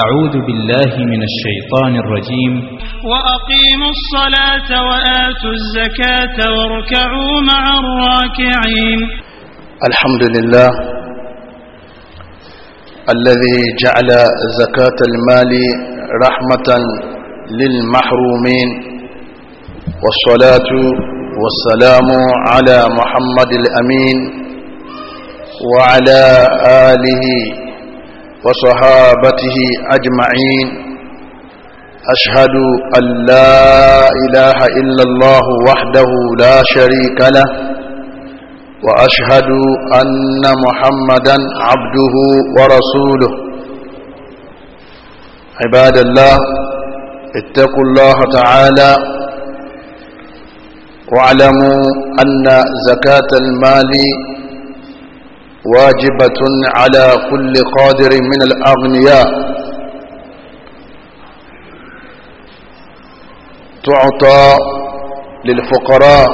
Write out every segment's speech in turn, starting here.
أعوذ بالله من الشيطان الرجيم وأقيموا الصلاة وآتوا الزكاة واركعوا مع الراكعين الحمد لله الذي جعل زكاة المال رحمة للمحرومين والصلاة والسلام على محمد الأمين وعلى آله وصحابته أجمعين أشهد أن لا إله إلا الله وحده لا شريك له وأشهد أن محمدا عبده ورسوله عباد الله اتقوا الله تعالى واعلموا أن زكاة المال واجبة على كل قادر من الأغنياء تعطى للفقراء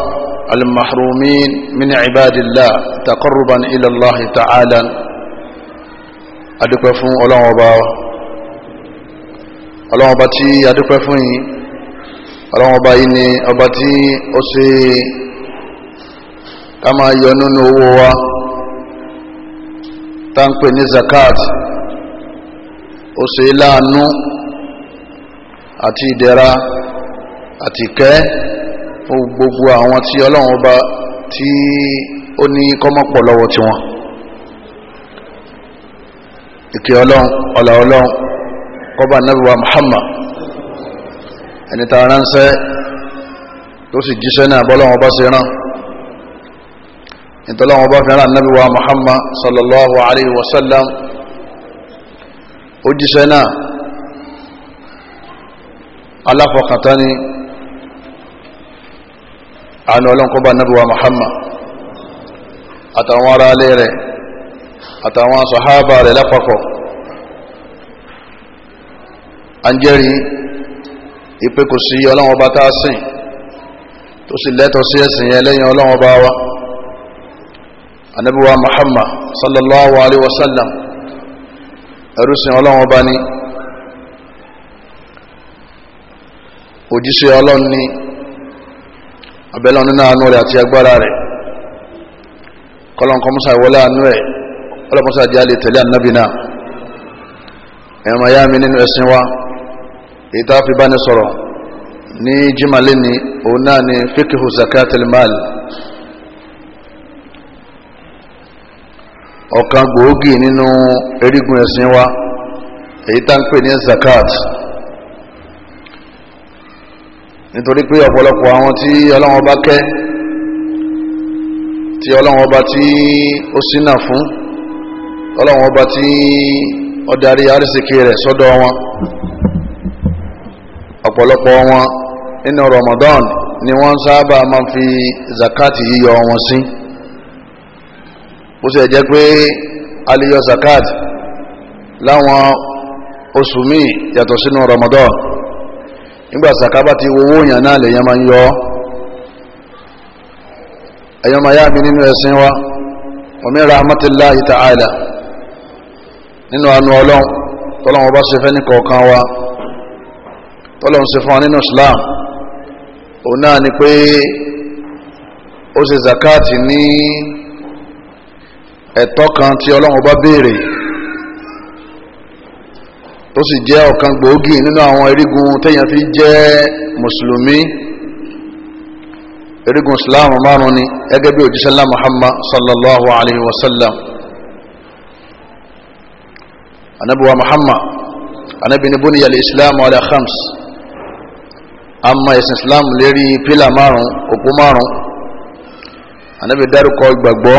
المحرومين من عباد الله تقربا إلى الله تعالى أدكفون الله أبا الله أبا تي أدوك الله أبا إني أبا تي أسي كما ينون هو tá ń pè ní zakat ó ṣe láàánú àti ìdẹ̀ra àti kẹ́ fún ti àwọn tí ọlọ́run ọba tí ó ní kọ́mọ́pọ̀ lọ́wọ́ tiwọn ìkẹ́ ọlọ́run ọ̀là ọlọ́run kọ́ba nàbíwá Muhammad ẹni tá a ránṣẹ́ tó sì jíṣẹ́ náà bọ́lọ́run ọba ṣe rán nítorí àwọn ọba fẹ́ràn anábì wa muhammad sallallahu alayhi wa sallam ó jíṣẹ́ náà aláfọkàntán ni àánú ọlọ́nkọ́ba anábì wa muhammad àtàwọn ará alẹ́ rẹ̀ àtàwọn sọ̀hábà rẹ̀ lápapọ̀ a ń jẹ́rìí ìpé kò sí tá a sìn tó sì lẹ́tọ̀ọ́ sí ẹ̀sìn yẹn lẹ́yìn ọlọ́wọ́n ọba wa anabi wa muhammad sallallahu alayhi wa sallam ẹrú sin ọlọ́run ọba ni òjíṣẹ́ ọlọ́run ni abẹ́lẹ́ ọ̀nà àánú rẹ̀ àti agbára rẹ̀ kọ́lọ́n kọ́mọ́sá ìwọlé àánú ẹ̀ ọlọ́mọ́sá di alẹ́ tẹ̀lé ànábì náà ẹ̀rọ ya mi nínú ẹ̀sìn wa èyí tá a fi bá ní sọ̀rọ̀ ní jimale ni òun náà ni fikihu zakatul mal. ọ̀kan gbòógì nínú erigun ẹ̀sìn wa èyí tá ń pè ní zakat nítorí pé ọ̀pọ̀lọpọ̀ àwọn tí ọlọ́wọ́n bá kẹ́ tí ọlọ́wọ́n bá tí ó sínà fún ọlọ́wọ́n bá tí ó darí àrísìkí rẹ̀ sọ́dọ̀ wọn ọ̀pọ̀lọpọ̀ wọn nínú Ramadan ni wọ́n sábà máa fi zakat yíyọ wọn sí. Si bó ṣe jẹ́ pé aliyọ zakat láwọn oṣù míì yàtọ̀ sínú Ramadan nígbà zakat bá ti owó yàn náà lèyàn máa ń yọ ẹ̀yọ́ máa yá nínú ẹ̀sìn wa wa min rahmatillahi ta'ala nínú àánú ọlọ́run tọ́lọ́run bá ṣe fẹ́ ní kọ̀ọ̀kan wa tọ́lọ́run ṣe fún wa nínú Islam òun náà ni pé ó ṣe zakat ní. Ni ẹ̀tọ́ kan tí ọlọ́run bá béèrè ó sì jẹ́ ọ̀kan gbòógì nínú àwọn erigun téèyàn fi jẹ́ mùsùlùmí erigun islam márùn ni gẹ́gẹ́ bí òjíṣẹ́ ńlá muhammad sallallahu alayhi wa sallam anabi wa muhammad anabi ni bóni yàlẹ islam ala khams ama ẹ̀sìn islam lérí pílà márùn òpó márùn anabi dárúkọ ìgbàgbọ́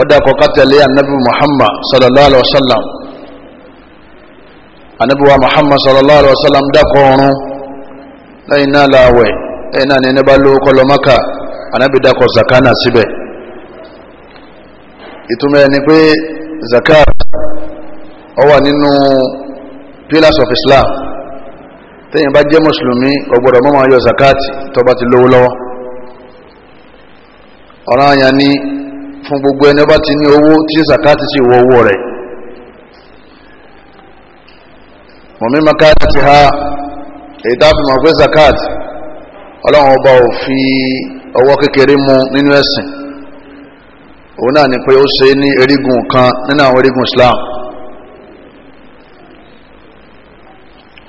ọdọ akọkọ tẹ̀lé anabi muhammad sallallahu alaihi wa sallam anabi wa muhammad sallallahu alaihi wa sallam dákọ ọrùn lẹ́yìn náà láwẹ̀ lẹ́yìn náà ní ẹni bá lówó kọlọ maka anabi dákọ zakana síbẹ̀ ìtumọ̀ ẹni pé zakat ó wà nínú pillars of islam tẹ́yìn bá jẹ́ mùsùlùmí ó gbọ́dọ̀ mọ́ máa yọ ti lówó lọ́wọ́ ọ̀ranyàn ni fún gbogbo ẹni bá ti ní owó tí zakati sì wọ owó rẹ̀ mọ̀mí makati ti ha èyí tá a fi mọ̀ pé zakati ọlọ́run ọba ò fi ọwọ́ kékeré mú nínú ẹ̀sìn òun náà ni pé ó ṣe ní erigun kan nínú àwọn erigun Islam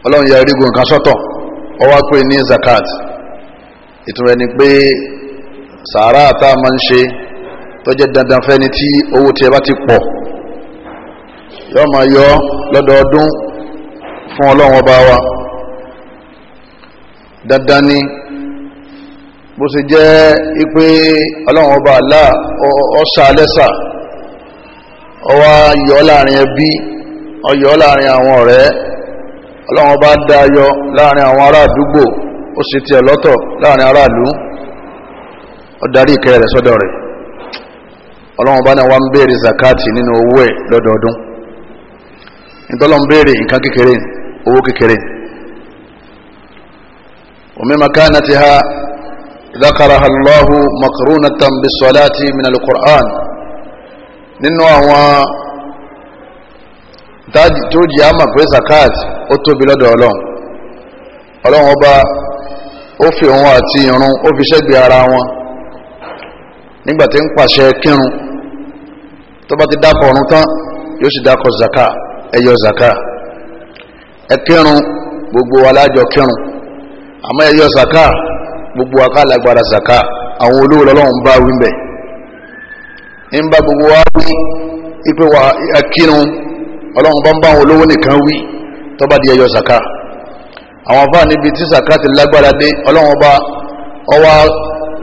ọlọ́run ya erigun kan sọ́tọ̀ ní ẹni pé sàárà tá a máa ń tó jẹ́ dandan fẹ́ni tí owó tiẹ̀ bá ti pọ̀ yọ máa yọ lọ́dọọdún fún ọlọ́run ọba wa dandan ni bó ṣe jẹ́ ipe ọlọ́run ọba àlá ọ̀sà alẹ́sà ọwá yọ láàrin ẹbí ọyọ láàrin àwọn ọ̀rẹ́ ọlọ́run ọba dá yọ láàrin àwọn ará ó sì tiẹ̀ lọ́tọ̀ láàrin aráàlú ó darí ìkẹyẹ rẹ̀ sọ́dọ̀ rẹ̀ ọlọ́run bá náà wá ń béèrè zakati nínú owó ẹ̀ lọ́dọọdún nítorí ń béèrè nǹkan kékeré owó kékeré omi makanatiha ذكرها الله مقرونة بالصلاة من القرآن nínú àwọn tó jẹ́ àmà pé zakat ó tóbi lọ́dọ̀ ọlọ́run ọlọ́run ọba ó fi òun àti irun ó fi ṣẹ́gbẹ̀ẹ́ ara wọn nígbà tí ń pàṣẹ kírun tó bá ti dákọ̀ ọ̀run tán yóò sì dákọ̀ zaka ẹyọ zaka ẹ kírun gbogbo alájọ kírun àmọ́ ẹyọ zaka gbogbo aká lágbára zaka àwọn olówó lọ́lọ́run bá wí bẹ̀ ń bá gbogbo wa wí ipe wa ẹ kírun ọlọ́run bá ń bá àwọn olówó nìkan wí tó di ẹyọ zaka àwọn afáà níbi tí zaka ti lágbára dé ọlọ́run bá ọwọ́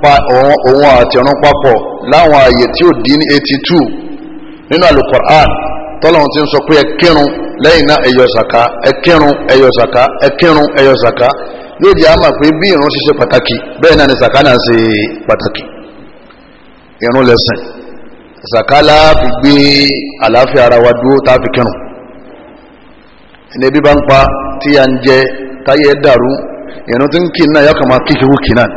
pa òun àti ọ̀run papọ̀ láwọn àyè tí ò dín ní eighty two. nínú alukur'an tọ́lọ́hún ti ń sọ pé ẹ lẹ́yìn náà ẹ yọ sàká ẹ kírun yóò di pé bí irun ṣiṣẹ́ pàtàkì bẹ́ẹ̀ náà ni saka náà ṣe pàtàkì irun lẹ́sìn saka láàfi gbé àlàáfíà ara wa dúró fi ẹni bí bá ń pa tí a ń jẹ táyé dàrú irun tí ń náà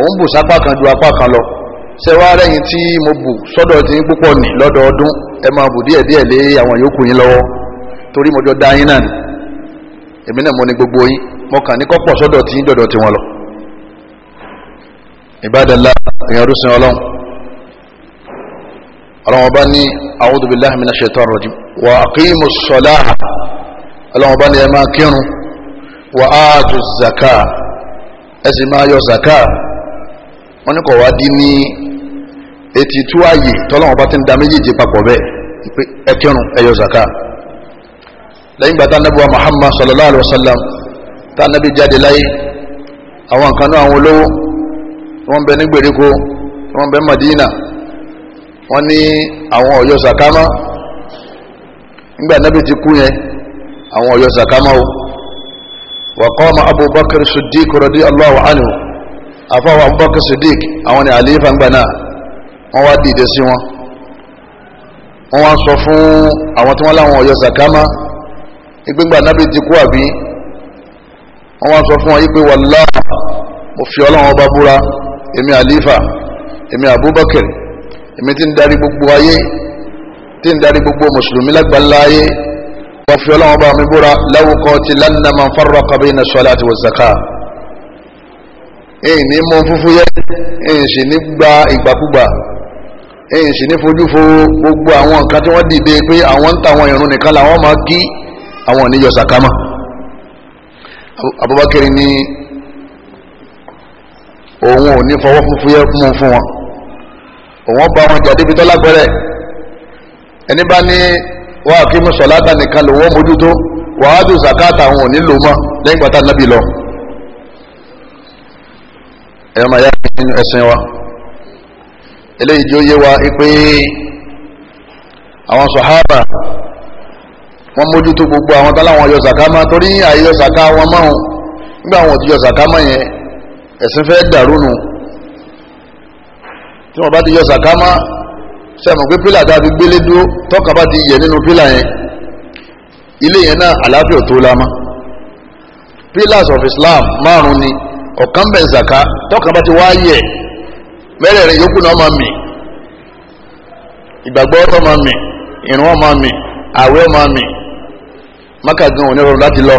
òun bù sápá kan ju apá kan lọ ṣẹwàá lẹ́yìn tí mo bù sọ́dọ̀ tí ń nì ẹ máa bù díẹ̀ díẹ̀ lé àwọn yòókù yín torí mo jọ da yín náà ni èmi náà mo ní gbogbo yín mo kàn ní tí ń tí lọ. ìbádàlá èèyàn ọdún sin ọlọ́run ọlọ́run ọba ní ọlọ́run ọba ní ẹ máa kírun zaka ẹ sì zaka. wọ́n ní kò wá dín ní etí tú ààyè tọ́lọ́wọ́n bá ti ń da méjèèjì papọ̀ bẹ́ẹ̀ pé ẹ kírun zaka lẹ́yìn gbàtà nàbùwà Muhammad sallallahu alayhi wa sallam tá a nàbí jáde láyé àwọn nǹkan náà àwọn olówó wọ́n bẹ ní gbèríko wọ́n bẹ Madina wọ́n ní àwọn zaka zakama nígbà nàbí ti kú yẹn àwọn zaka zakama o wa qama Abu Bakr Siddiq radiyallahu anhu àfọwọ́ abubakar sadiq àwọn ni àlífà ńgbà náà wọ́n wá dìde sí wọn wọ́n wá sọ fún àwọn tí wọ́n láwọn ọ̀yọ́ zakama ìgbégbà nábì ti kú àbí wọ́n wá sọ fún wọn yí pé mo fi ọlọ́run ọba búra èmi àlífà èmi abubakar èmi tí ń darí gbogbo ayé tí ń darí gbogbo mùsùlùmí lágbàlá ayé wọ́n fi ọlọ́run ọba mi búra láwùkọ́ ti lánàá man farraqa bayna salati wa zaka ẹ̀yìn ní mọ́ fúnfún yẹ́ ẹ̀yìn sì ní gba ìgbàkúgbà ẹ̀yìn sì ní fojú fo gbogbo àwọn nǹkan tí wọ́n dìde pé àwọn ń ta àwọn ìrun nìkan làwọn máa kí àwọn oníyọ sàkámà Abubakar ní òun ò ní fọwọ́ fúnfún yẹ́ mú fún wọn òun bá wọn jáde bí tọ́lá gbẹ́rẹ́ ẹni bá ní wàá kí mùsọ̀lá dá nìkan lòun mójútó wàá dùn sàkáàtà àwọn ò lò mọ́ lẹ́yìn pátá nábì lọ ẹ̀yọ́ máa yá nínú ẹ̀sìn wa eléyìí jó yé wa pé àwọn sọ̀hábà wọ́n mójútó gbogbo àwọn táláwọn yọ zàká máa torí àyíyọ zàká wọn máa nígbà wọn ò ti yọ zàká máa yẹn ẹ̀sìn fẹ́ dàrú nù tí wọn bá ti yọ zàká máa sẹ́mu pé pílà tá a fi gbélé dúró tọ́ka bá ti yẹ nínú pílà yẹn ilé yẹn náà àlàáfíà tó la ma pillars of Islam márùn ni ọ̀kan bẹ̀ zaka tọ́ka bá ti wá yẹ mẹ́rẹ̀ẹ̀rin yòókù náà máa mì ìgbàgbọ́ ọ̀rọ̀ máa mì ìrun máa mì àwẹ̀ máa mì mákàdún òní ọ̀rọ̀ láti lọ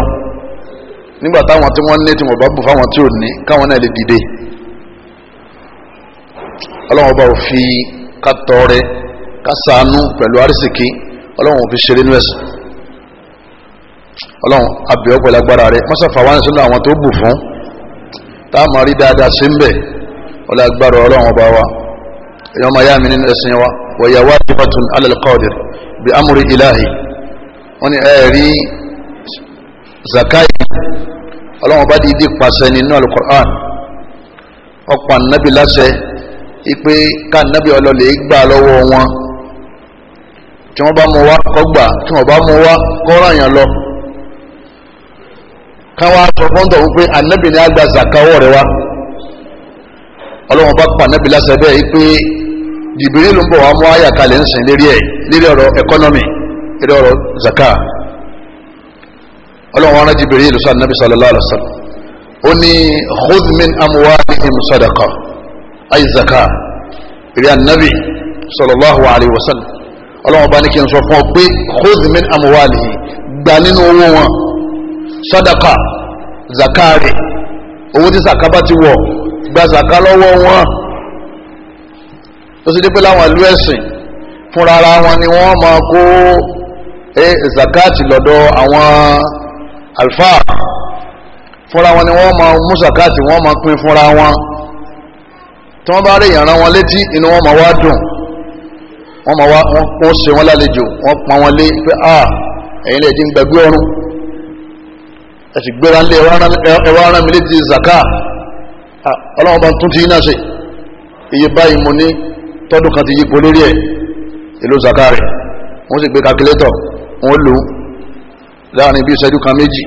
nígbà táwọn tí wọ́n ní tí wọ́n bá bù fáwọn tí ò ní káwọn náà lè dìde ọlọ́wọ́n bá fi kátọ́rẹ kásánú pẹ̀lú arísìkí ọlọ́wọ́n fi ṣeré nú ẹ̀sìn ọlọ́wọ́n àbẹ̀wọ́ pẹ̀lú agbára rẹ mọ́sáfà wá ní sọ́nà àwọn tó bù fún táàmù rí dáadáa sí ń bẹ̀ ọlá agbára ọlọ́run ọba wa èèyàn máa yá mi nínú ẹ̀sìn wa wọ̀yà wá ti bàtún alẹ́lẹ́kọ́ọ̀dìrì bí amúrí ìláhì wọ́n ní ẹ rí zakai ọlọ́run ọba dìídì pàṣẹ nínú alukur'an ọ̀pọ̀ ànábì láṣẹ ipe kánábì ọlọ́lẹ̀ gbà lọ́wọ́ wọn tí wọ́n bá mú wa kọ́gbà tí wọ́n bá mú wa kọ́ràn yàn lọ káwá sọ fọ́ńtọ̀ wípé anabi ni àgbà zakawọ́ rẹ wa ọlọ́wọ́n bá pa anabi lásán bẹ́ẹ̀ yìí pé jìbìrì ló ń bọ̀ wá mú àyà kalẹ̀ ń sìn lérí ẹ̀ lérí ọ̀rọ̀ ẹkọ́nọ́mì lérí ọ̀rọ̀ zaka ọlọ́wọ́n ará jìbìrì ló sọ anabi sallallahu alaihi wasallam ó ní khudh min amwalihim sadaqa ay zaka ìrì anabi sallallahu alaihi wasallam ọlọ́wọ́n bá ní kí n sọ fún ọ pé khudh min amwalihim gbà nínú owó wọn sọdọkà zakari owó tí sàkábà ti wọ gba zaka lọ́wọ́ wọn ó sì dé pé láwọn ìlú ẹ̀sìn fúnra ara wọn ni wọ́n máa kó zakati lọ́dọ̀ àwọn alfáà fúnra wọn ni wọ́n máa mú zakati wọ́n máa pín fúnra wọn tí wọ́n bá rí ìyànrá wọn létí inú wọn máa wá dùn wọ́n máa wá wọ́n ṣe wọn lálejò wọ́n pa wọn lé pé a ah, ẹ̀yin lè ti ń gbẹ̀gbẹ́ ẹ̀fì gbéra lé ẹwà ara mi létí zaka ah, ọlọ́wọ́n bá tún ti iná ṣe iye báyìí mo ní tọ́dún kan ti yípo lórí ẹ̀ èlò zaka rẹ̀ wọ́n sì gbé kakilétọ̀ wọ́n lò ó láàrin bí ìṣẹ́jú kan méjì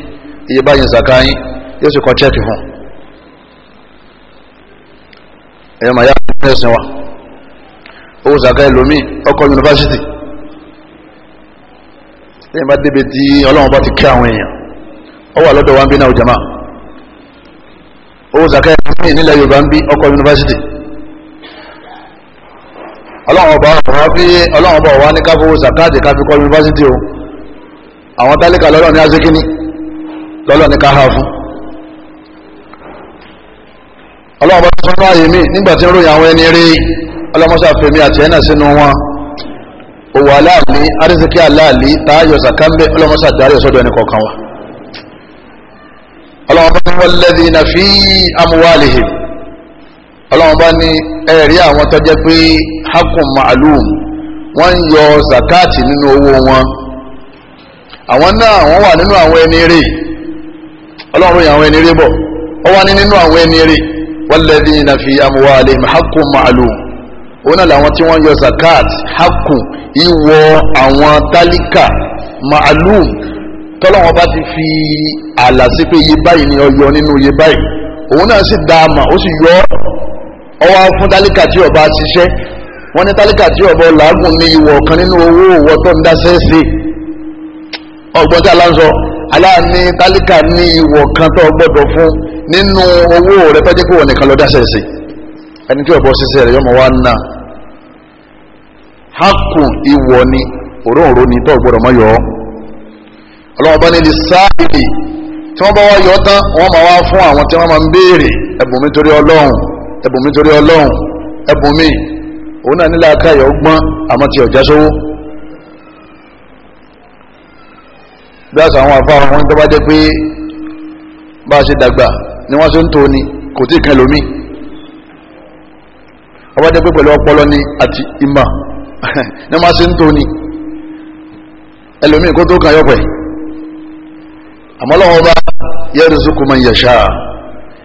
iye báyìí zaka yín yóò sì kọ chẹ́ẹ̀kì fún ẹ̀yọ́ màá yá ẹ̀sìn wa owó zaka ẹlòmíì ọkọ̀ yunifásitì lẹ́yìn bá débi tí ọlọ́wọ́n bá ti kí àwọn èèyàn ó wà lọ́dọ̀ wa ń bí náà jama owó zakẹ́ ní nílẹ̀ yorùbá ń bí ọkọ̀ yunifásitì ọlọ́run ọba wa fi ọlọ́run ọba wa ní ká fowó zakáàtì ká fi kọ́ yunifásitì o àwọn tálíkà lọ́lọ́ ní azekini lọ́lọ́ ní ká ha fún ọlọ́run ọba tó sọ́nà àyè mí nígbà tí ń ròyìn àwọn ẹni rí ọlọ́mọṣà fèmí àti ẹ̀nà sínú wọn òwò aláàlí arísíkí aláàlí tààyọ̀ sàkánbẹ́ ọlọ́mọṣà dárí ọ̀sọ́dọ̀ ẹnì kọ̀ọ̀kan wa ọlọ́wọ́n bá ní walladhina fi amwalihim ọlọ́wọ́n bá ní ẹ̀rí àwọn tó jẹ́ pé hakun ma'lum wọ́n ń yọ zakati nínú owó wọn àwọn náà wọ́n wà nínú àwọn ẹni rè ọlọ́wọ́n ròyìn àwọn ẹni rè bọ̀ ó wà ní nínú àwọn ẹni rè walladhina fi amwalihim hakun ma'lum òun náà làwọn tí wọ́n yọ zakati hakun ìwọ àwọn tálíkà ma'lum tọ́lọ́wọ́n bá ti fi àlà sí pé iye báyìí ni ọyọ nínú iye báyìí òun náà sì dá a mà ó sì yọ ọwọ́ fún tálíkà tí ọba ṣiṣẹ́ wọ́n ní tálíkà tí ọba làágùn ní ìwọ̀ kan nínú owó òwò tó ń ọgbọ́n tí aláǹsọ ní ìwọ̀ kan tó gbọ́dọ̀ fún nínú owó rẹ pé ọlọ́wọ́n bá ní lè sáàbì tí wọ́n bá wá yọ tán wọ́n máa wá fún àwọn tí wọ́n máa ń béèrè ẹ̀bùn mi torí ọlọ́run ẹ̀bùn mi torí ọlọ́run ẹ̀bùn mi òun náà nílẹ̀ akáyọ̀ gbọ́n àmọ́ ti ọ̀já sówó. bí àṣà àwọn àfa àwọn tó bá jẹ́ pé bá a ṣe dàgbà ni wọ́n ṣe ń tóni kò tí ì kan lómi ọba jẹ́ pé pẹ̀lú ọpọlọ ni àti ìmọ̀ ni wọ́n ṣe ń tóni ẹlòmíì kó tó kan yọ̀pẹ̀ àmọ́ lọ́wọ́ bá yarzuqu man yasha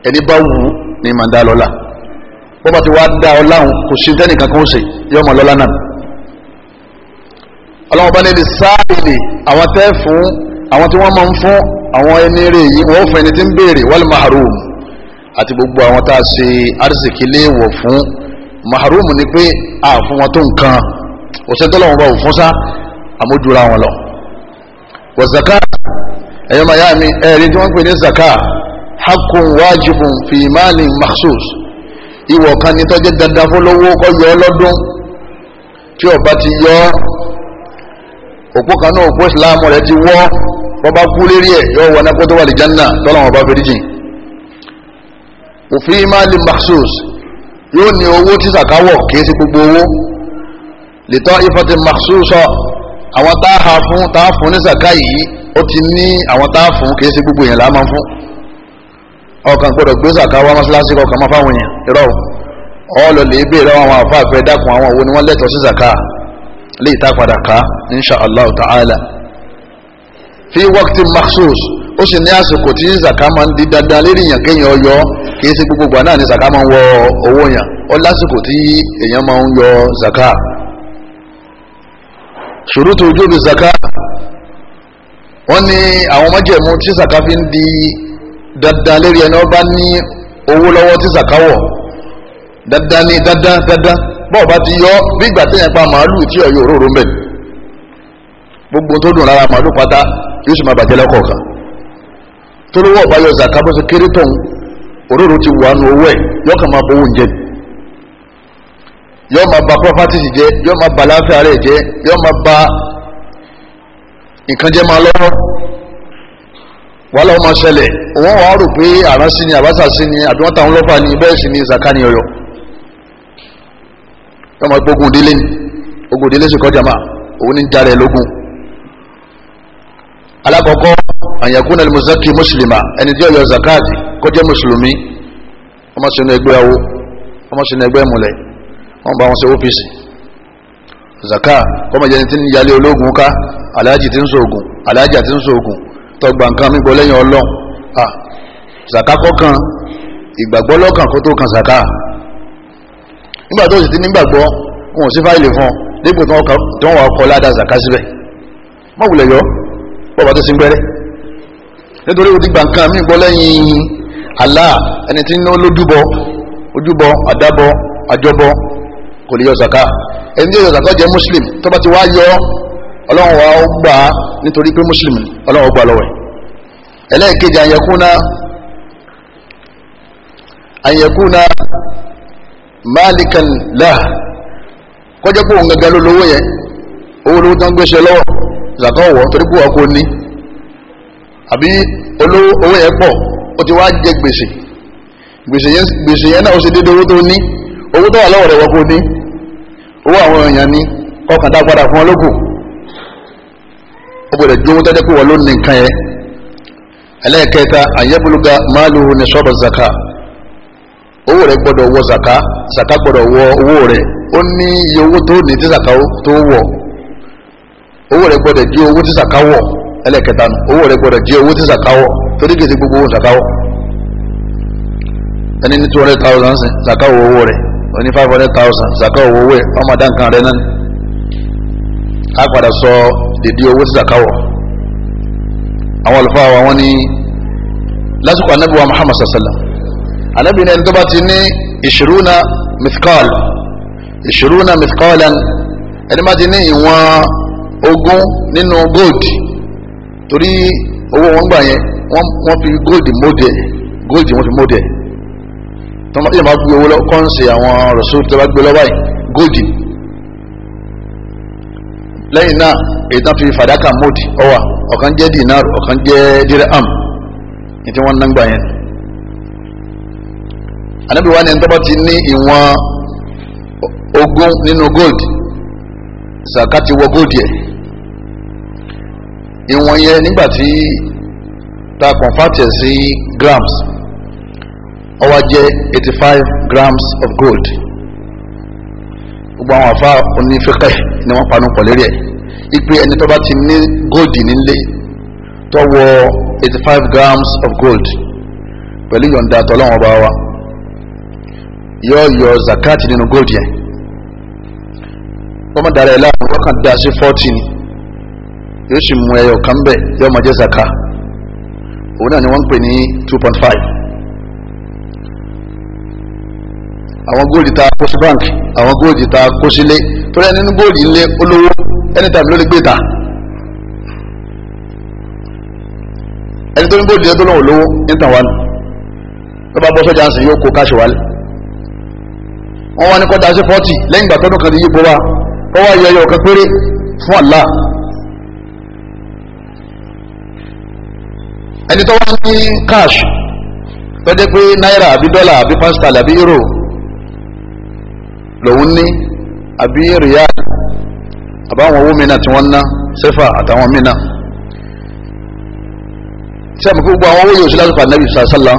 ẹni bá wù ní màá dá lọ́la bó bá ti wá dá ọ láhùn kò sí tẹ́nì kankan ó ṣe yọ ọmọ lọ́la náà ọlọ́wọ́ bá nílẹ̀ sáàlì àwọn tẹ́ fún àwọn tí wọ́n máa ń fún àwọn ẹni rè yìí wọ́n fún ẹni tí ń béèrè wal mahrum àti gbogbo àwọn tá a ṣe arzikí léèwọ̀ fún mahrum ni pé a fún wọn tó nǹkan òṣèǹtẹ́lọ́wọ́n bá ò fún sá àmójúra wọn lọ wọ̀ ẹ̀yọ́ màá yá mi ẹ̀rí tí wọ́n pè ní zaka hakun wajibun fi mali maksus ìwọ̀ kan ní tọ́jú dandan fún lówó kọ́ yọ lọ́dún tí ọba ti yọ òpó kan náà òpó islam rẹ ti wọ́ bọ́ba kú lérí ẹ̀ yọ wọ náà tó wà lè janna tọ́lá wọn bá fẹ́ díjìn òfin mali maksus yóò ní owó tí zaka wọ̀ kì í sí gbogbo owó lè tọ́ maksus sọ àwọn tá a fún tá a fún ní zaka yìí ó ti ní àwọn tá a fún kì í ṣe gbogbo yẹn là á máa fún ọkàn gbọ́dọ̀ gbé zaka wá mọ́ṣáláṣí ọkàn máa fáwọn yẹn irọ́ ọ lọ lè béèrè àwọn àfáàfẹ́ dákun àwọn òwò ni wọ́n lẹ́tọ̀ọ́ sí zaka lè ta padà ká insha allah ta'ala fi waqti makhsus ó sì ní àsìkò tí zaka máa ń di dandan lérí yàn kéèyàn yọ kì í ṣe gbogbo gbà náà ni zaka máa ń wọ owó yàn ó lásìkò tí èèyàn máa ń yọ zaka ṣòrútù ojú ti zaka wọ́n ní àwọn májẹ̀mú tí zaka fi ń di dandan lérí ẹni wọ́n ní owó lọ́wọ́ tí zaka wọ̀ dandan ní dandan dandan bọ́ọ̀ bá ti yọ bí ìgbà téèyàn pa màálù tí ọ̀yọ́ òróró ń bẹ̀ gbogbo tó dùn lára màálù pátá yóò sì máa bàjẹ́ lọ́kọ̀ọ̀kan tó lówó ọ̀bá yọ zaka bó ṣe kéré tóun òróró ti wà nù owó ẹ̀ yọkàn máa bọ oúnjẹ ni yóò máa ba properties jẹ yóò máa ba láfíà rẹ jẹ yóò máa ba nǹkan jẹ máa lọ́wọ́ wàhálà wọn máa ṣẹlẹ̀ wọn wàá rò pé àrán ni àbáṣà sí ni àdúrà táwọn lọ́fà ni bẹ́ẹ̀ sì ni zakani ọyọ yóò máa gbógun délé ni ogun délé sì kọjá máa òun ní jarẹ̀ lógun alakọkọ àyàkúnà musaki mùsùlùmá ẹni tí ọyọ zakati kọjá mùsùlùmí ọmọ sínú ẹgbẹ́ awo ọmọ sínú ẹgbẹ́ mùlẹ̀ wọ́n bá wọn ṣe ọ́fíìsì zaka kọ́mọ̀jẹ́ ti ń yalé ológun ká aláàjì ti ń sòògùn aláàjì àti ń sòògùn tọgbà nǹkan mi gbọ́ lẹ́yìn ọlọ́run ah zaka kọ́kan ìgbàgbọ́ lọ́kàn kó tó kan zaka nígbà tó sì ti nígbàgbọ́ wọn ò sí fáìlì fún ọ dípò tí wọn wà kọ ládàá zaka síbẹ̀ mọ̀wùlẹ̀ yọ bọ́ọ̀bà tó sì ń gbẹ́rẹ́ nítorí o ti gbà nǹkan mi gbọ́ lẹ́yìn Allah ẹni tí ń ná lójúbọ ojúbọ àdábọ àjọbọ kò lè yọ zaka ẹni yọ zaka jẹ́ muslim tó bá ti wá yọ ọlọ́run wa ó gbà á nítorí pé muslim ọlọ́run ó gbà lọ́wọ́ ẹ̀ ẹlẹ́ẹ̀kejì àyẹ̀kúnná àyẹ̀kúnná malikan lah kọjá pé òun gẹ́gẹ́ ló lówó yẹn owó lówó tó ń gbéṣẹ́ lọ́wọ́ zaka ọ̀wọ́ torí pé ọkọ̀ ní àbí olówó owó yẹn pọ̀ ó ti wá jẹ gbèsè gbèsè yẹn náà ó ṣe déédéé owó tó ní owó tó wà lọ́wọ́ rẹ̀ wọ́n kò ní owó àwọn èèyàn ní kọkàn dá padà fún ọlọ́kù ó gbọ́dọ̀ jó wọn tẹ́tẹ́ pé wọ́n ló nǹkan yẹn ẹlẹ́ẹ̀kẹta àyẹ́bùlùgà máàlùú ní sọ́ọ̀bù zaka owó rẹ̀ gbọ́dọ̀ wọ zaka zaka gbọ́dọ̀ wọ owó rẹ̀ ó ní iye owó tó ní tí zaka tó wọ̀ owó rẹ̀ gbọ́dọ̀ jẹ́ owó tí zaka wọ̀ ẹlẹ́ẹ̀kẹta nù owó rẹ̀ gbọ́dọ̀ jẹ́ owó tí zaka wọ̀ torí kìí ṣe gbogbo owó zaka wọ̀ ẹni ní two hundred thousand zaka wọ owó rẹ̀ oní five hundred thousand zaka owó owó ẹ ọmọ dá nǹkan rẹ náà á padà sọ dèdè owó tí zaka wọ àwọn àlùfáà wa wọn ní lásìkò anabi wa muhammad sallam anabi ní ẹni tó bá ti ní ìṣirúna mithqal ìṣirúna mithqalan ẹni bá ti ní ìwọ̀n ogún nínú gold torí owó wọn gbà yẹn wọ́n fi gold mọ́dẹ̀ gold wọ́n fi mọ́dẹ̀ tọ́mọ́tì máa gbé owó lọ kọ́ńsì àwọn rọ̀ṣọ́ tó bá gbé lọ́wọ́ yìí góòdì lẹ́yìn náà èyí tán fi fàdákà mọ́ọ̀dì ọwà ọ̀kan jẹ́ dinar ọ̀kan jẹ́ dirham ní tí wọ́n ń nàgbà yẹn anabi wa ni ẹni tó bá ti ní ìwọ̀n ogún nínú gold zaka ti wọ gold yẹ ìwọ̀n yẹn nígbà tí ta convert sí grams ó wá eighty five grams of gold gbogbo àwọn afa onífẹ́kẹ́ ni wọ́n panu pọ̀ lérí ẹ̀ ipe ẹni tó ti ní gold nílé tó eighty five grams of gold pẹ̀lú yọ̀ǹda tọ́lọ́wọ́n bá wa yọ yọ zakat nínú gold yẹn wọ́n mọ̀ dára ẹ̀ láàrin wọ́n kàn dá sí fourteen yóò sì mú ẹyọ kan bẹ̀ yọ ọmọ jẹ́ zaka òun náà ni wọ́n ń pè ní two point five. àwọn góòlì ta kó sí bank àwọn góòlì ta kó sílé torí ẹni ní góòlì ńlẹ olówó ẹni tàbí ló lè gbé ta ẹni tó ní góòlì yẹn tó lọ́wọ́ olówó ní tàn wá ló bá bọ́ sọ́jà ń sìn yóò kó káṣí wálé wọ́n wá ní kọ́ da sí fọ́tì lẹ́yìn ìgbà tọ́dún kan ti yípo wa kọ́ wá yọ ẹyọ kan péré fún Allah ẹni tó wá ní cash tọ́jú pé náírà àbí dọ́là àbí pásítà àbí euro lòun ní àbí rìá àbáwọn owó mìíràn tí wọ́n ná sẹ́fà àtàwọn mìíràn sẹ́mi gbogbo àwọn owó yóò sí lásìkò ànábì sàṣàlá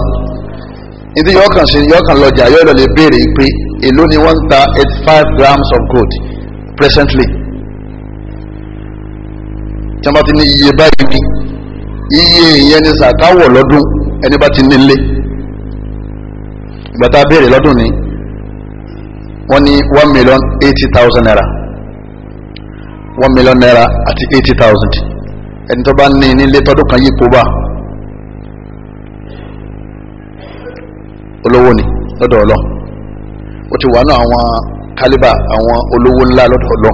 ìdí yóò kàn sí yóò kàn lọ́jà yóò lọ lè béèrè pé èló ni wọ́n ń ta eighty five grams of gold presently tí wọ́n bá ti ní iye báyìí bí iye ìyẹn ni sàkáwọ̀ lọ́dún ẹni bá ti nílé ìgbà tá a béèrè lọ́dún ni wọ́n ní one million eighty thousand naira one million naira àti eighty thousand ẹni tó bá ní nílé tọdún kan yípo bá olówó ni lọ́dọ̀ ọlọ́ ó ti wà ní àwọn kálíbà àwọn olówó ńlá lọ́dọ̀ ọlọ́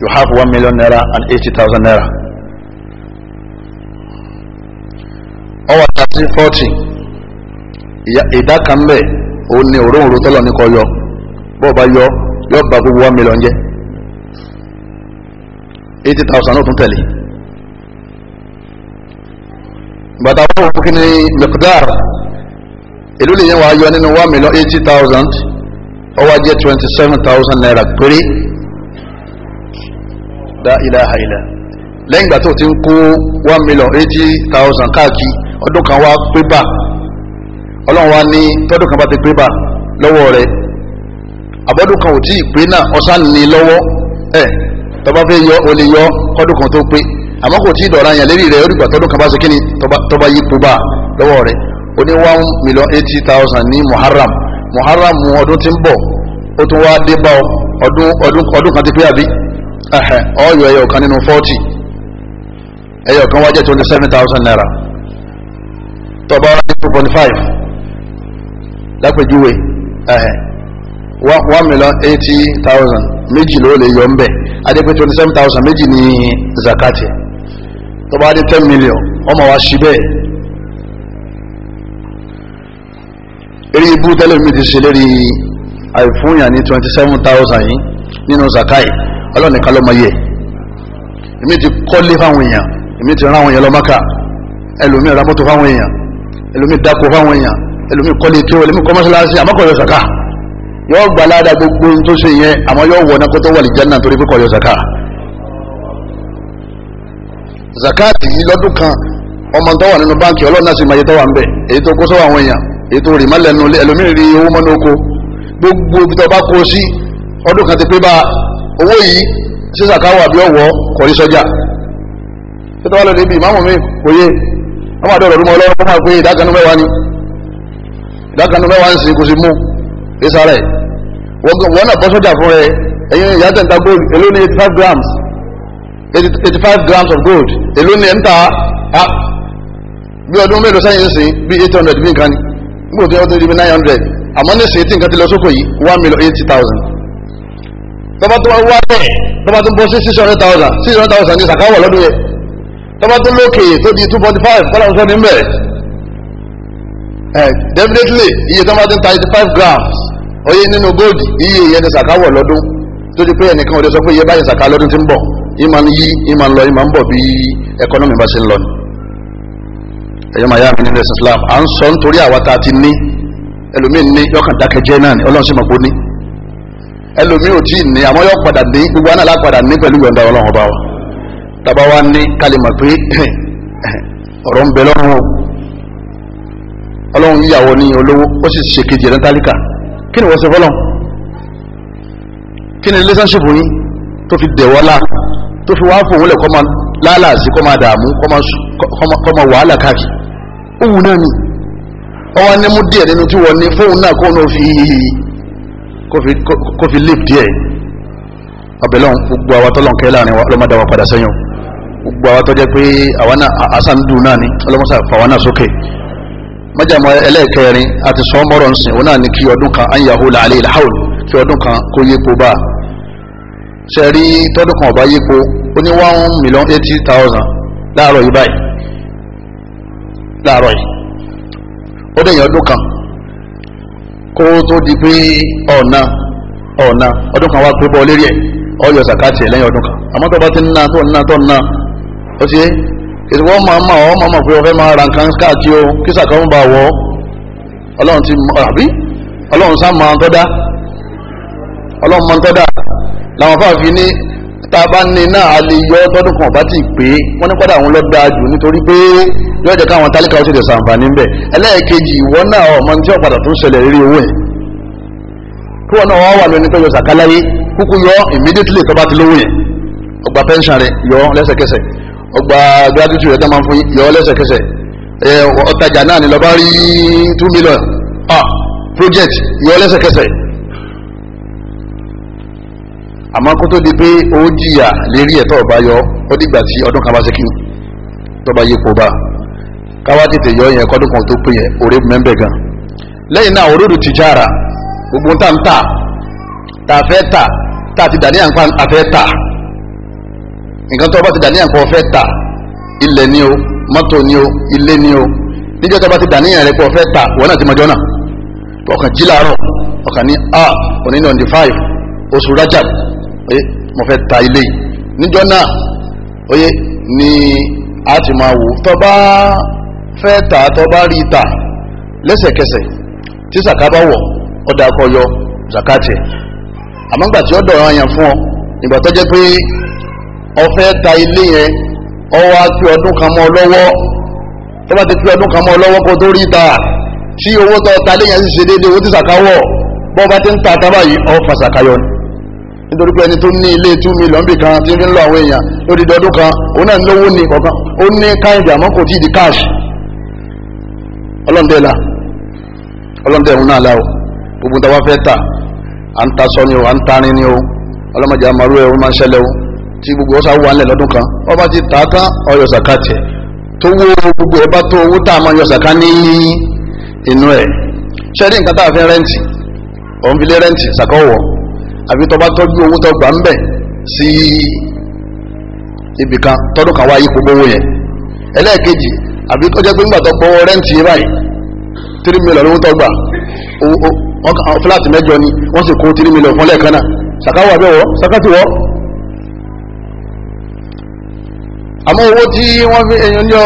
you have one million naira and eighty thousand naira ọwọ́ thirty forty ìdá kan bẹ́ẹ̀ òun ni òróǹro tọ́lọ̀ ní kọ́ yọ. bọ́ọ̀ bá yọ yọ bá gbogbo one million jẹ́ eighty thousand ó tún tẹ̀lé bàtà fún òkú kí ni mcdar èló lè yẹn wàá yọ nínú one million eighty thousand ọwọ́ ajẹ́ twenty seven thousand naira péré dá ilaha ilẹ̀ lẹ́yìn ìgbà tó ti ń kó one million eighty thousand káàkiri ọdún kan wá pé bá ọlọ́run wá ní tọ́dún kan bá ti pé lọ́wọ́ rẹ̀ àbọ̀dún kan ò tí ì pé náà ọ̀sán ni lọ́wọ́ ẹ̀ tọba fẹ́ yọ lè yọ kan tó pé àmọ́ kò tí ì dọ̀ra yàn lérí rẹ̀ ó dìgbà tọ́dún kan bá ṣe ni tọba yí po bá lọ́wọ́ rẹ̀ ó ní one million eighty thousand ní muharram muharram ọdún ń bọ̀ ó tún wá dé bá ọdún ọdún ọdún kan ti pé àbí ọyọ ẹyọ kan nínú forty ẹyọ kan wá twenty seven thousand naira tọba two one million eighty thousand méjì ló lè yọ ńbẹ adépé twenty seven thousand méjì ní zakati tó bá dé ten million ọmọ wa ṣí bẹ́ẹ̀ eré ibú tẹ́lẹ̀ mi ti ṣe lérí àìfúnyàn ní twenty seven thousand yìí nínú zakai ọlọ́nìkan ló mọ yẹ èmi ti kọ́lé fáwọn èèyàn èmi ti rán àwọn èèyàn lọ Mákà ẹlòmíì ra mọ́tò fáwọn èèyàn ẹlòmíì dáko fáwọn èèyàn ẹlòmíì kọ́lé kí wọ́n ẹlòmíì kọ́ zakai yóò gba aláda gbogbo ohun tó ṣe yẹn àmọ́ yóò wọ ọ̀nàkó tó wà lè jẹ́nà torí pípọ̀ yọ zaka zakati yìí lọ́dún kan ọmọ tó wà nínú báńkì ọlọ́run sì máa yẹ tó wà ń bẹ̀ èyí tó kó sọ́wọ́ àwọn èèyàn èyí tó rì má lẹ́nu ẹlòmíràn rí owó mọ́nú oko gbogbo ibi tó bá kó o sí ọdún kan ti pé bá owó yìí sí zaka wà bí ọ̀wọ́ kọ̀rí sọ́jà tó tọ́wọ́ lọ́dẹ bíi máàmù mi kò yé ọmọ àdó ọ̀rọ̀ mọ́ ọlọ́run máa pé ìdákanú mẹ́wàá ni ìdákanú ń sìn kò sí mú ìsàrẹ̀ wọ́n náà bọ́ sọ́jà fún rẹ ẹ̀yin ìyá tẹ̀ ń ta gold èló ní eighty five grams eighty five grams of gold èló ní ẹ̀ ń ta ah, bí ọdún mélòó sẹ́yìn sí bí eight hundred bí nǹkan ni nígbà tí wọ́n ti rí bí nine hundred àmọ́ ní sèé tí nǹkan ti lọ sóko yìí one million eighty thousand tọ́ba tó wá bẹ́ẹ̀ tọ́ba tó bọ́ sí six hundred thousand six hundred thousand ní sàkáwọ̀ lọ́dún yẹn tọ́ba tó lókè tó di two forty five kọ́lá ń sọ ní mbẹ́ ẹ̀ eh, definitely iye tọ́ba tó ń ta eighty five grams oye nínú góòdì iye ìyẹn ti sàkáwọ lọ́dún tó ti pé ẹnìkan ò lè sọ pé iye báyìí sàká lọ́dún ti ń bọ̀ ìmọ ń yí ìmọ ń lọ ìmọ ń bọ̀ bí ẹkọnọmì bá ṣe ń lọ ni. ẹ̀yọ́ màá yá mi nínú ẹ̀sìn Islam à ń sọ nítorí àwa tá a ti ní ẹlòmíín ní yọkàn dákẹ́jẹ́ náà ni Ọlọ́run sì mọ̀ pé ó ní ẹlòmíín ò tí ní àmọ́ yọ padà ní gbogbo àná Ọlọ́run yíyàwó ní olówó ó sì ṣèkejì ẹ̀rẹ́ tálíkà kí ni wọ́n ṣe fọ́lọ́n kí ni relationship yín tó fi dẹ̀wọ́lá tó fi wáá fòun lẹ̀ kọ́ máa lálàásí kọ́ máa dààmú kọ́ máa wàhálà káàkiri òun náà ni ọwọ́ ní mú díẹ̀ nínú tí wọ́n ní fóun náà kó náà fi kó fi lip díẹ̀ ọ̀bẹ̀lọ́n gbogbo àwọn tọ́lọ̀ kẹ́ láàrin wa padà sẹ́yìn gbogbo àwọn tọ́jẹ́ pé àwọn àṣà náà ni ọlọ́mọṣà fà náà sókè. Okay májàmọ́ ẹlẹ́ẹ̀kẹrin àti sọ́mọ́rọ̀ ń sìn òun náà ní kí ọdún kan anyahu làálẹ̀ ìlàhùn kí ọdún kan kó yípo bá a ṣe rí tọ́dún kan ọ̀bá yípo ó ní one million eighty thousand láàárọ̀ yìí báyìí láàárọ̀ yìí ó dẹ̀yìn ọdún kan kó tó di pé ọ̀nà ọ̀nà ọdún kan wá pé ọ̀yọ̀ sàkáàtì ẹ̀ lẹ́yìn ọdún èsì wọ́n máa ma ọ́ máa ma pé ọ̀fẹ́ máa ra nǹkan káàkiri o kí sàkóso bá wọ̀ ọ́ ọlọ́run ti àbí ọlọ́run sá máa tọ́dá ọlọ́run máa tọ́dá làwọn fáfi ní tá a bá ní náà a lè yọ lọ́dún kan bá ti pé wọ́n ní padà àwọn lọ́dà jù nítorí pé yóò jẹ́ káwọn tálíkà ó ti dẹ̀ sàǹfààní ń ẹlẹ́ẹ̀kejì ìwọ náà ọmọ tí ọ̀padà tó ń ṣẹlẹ̀ rírí owó ẹ̀ kí wọ́n náà wá wà lónìí pẹ́yọ sàkáláyé kúkú yọ immediately tó bá ti lówó yẹn ọgbà pension rẹ̀ yọ lẹ́sẹ̀kẹsẹ̀ ọgbà gratitude rẹ̀ tó máa ń fún yọ ọ lẹ́sẹ̀kẹsẹ̀ ẹ ọ̀tajà náà ni lọ́ba rí two million ah project yọ ọ lẹ́sẹ̀kẹsẹ̀ àmọ́ kó tó di pé ó jìyà lérí ẹ̀ tó ọba yọ ó dìgbà tí ọdún kan bá ṣe kí tó bá yípo bá káwá tètè yọ yẹn kọ́dún kan tó pé yẹn òré mẹ́mbẹ̀ gan lẹ́yìn náà òróró tìjára gbogbo tá ń tà tá a fẹ́ tà tá a ti dà ní àǹfààní àfẹ́ tà nǹkan tó o bá ti dàníyàn kó o fẹ́ ta ilẹ̀ ni o mọ́tò ni o ilé ni o níjọ́ tó o bá ti dàníyàn rẹ kó o fẹ́ ta wọ́n náà ti mọjọ́ náà ọkàn jí làárọ̀ ọkàn ní a òní ní ọ̀ndì five oṣù rajab oye mo fẹ́ ta ilé níjọ́ náà oye ni a ti máa wò tó bá fẹ́ ta tó bá rí ta lẹ́sẹ̀kẹsẹ̀ tí sàká bá wọ̀ ọ̀dà akọ̀yọ zakati àmọ́gbà tí ó dọ̀rọ̀ àyàn fún ọ ìgbà tó jẹ́ pé ọ̀fẹ́ ta ilé yẹn ọwọ́ á pé ọdún kan mọ́ lọ́wọ́ tó bá ti pé ọdún kan mọ́ lọ́wọ́ kó tó rí ta tí owó tó ta ilé yẹn sì ṣe déédéé owó tí sàkáwọ̀ bọ́n bá ti ń ta tábà yìí ọ fà sàkáyọ ni nítorí pé ẹni tó ní ilé two million bì kan tí ń fi ń lọ àwọn èèyàn lórí ọdún kan òun náà lówó ní kọ̀ọ̀kan ó ní káyọ̀dì àmọ́ kò tí ì di cash ọlọ́ndẹ̀ la ọlọ́ndẹ̀ ń náà la o gbogbo tá a wá fẹ́ ta à ń ta sọ ni o à ń tarin ni o ọlọ́mọdé amaru ẹ̀ o máa ń ṣẹlẹ̀ o tí gbogbo ọ̀sà wà lẹ̀ lọ́dún kan wọ́n bá ti tà á tán ọyọ̀ sàká tiẹ̀ tó wó gbogbo ẹ̀ bá tó owó tá a máa yọ sàká ní inú ẹ̀ ṣé ní nǹkan tá a fi rẹ́ǹtì òun fi lé rẹ́ǹtì sàká wọ̀ àbí tó bá tọ́jú owó tó gbà ń bẹ̀ sí ibìkan tọ́dún kan wá yípo gbowó yẹn ẹlẹ́ẹ̀kejì àbí tó jẹ́ pé ńgbà tó gbowó rẹ́ǹtì yẹn báyìí three million owó tó gbà fúláàtì mẹ́jọ ni wọ́n sì kó three million fún lẹ́ẹ̀kan náà sàká wà bẹ́ẹ̀ wọ́ sàká ti wọ́ àmọ́ owó tí wọ́n fi èèyàn jọ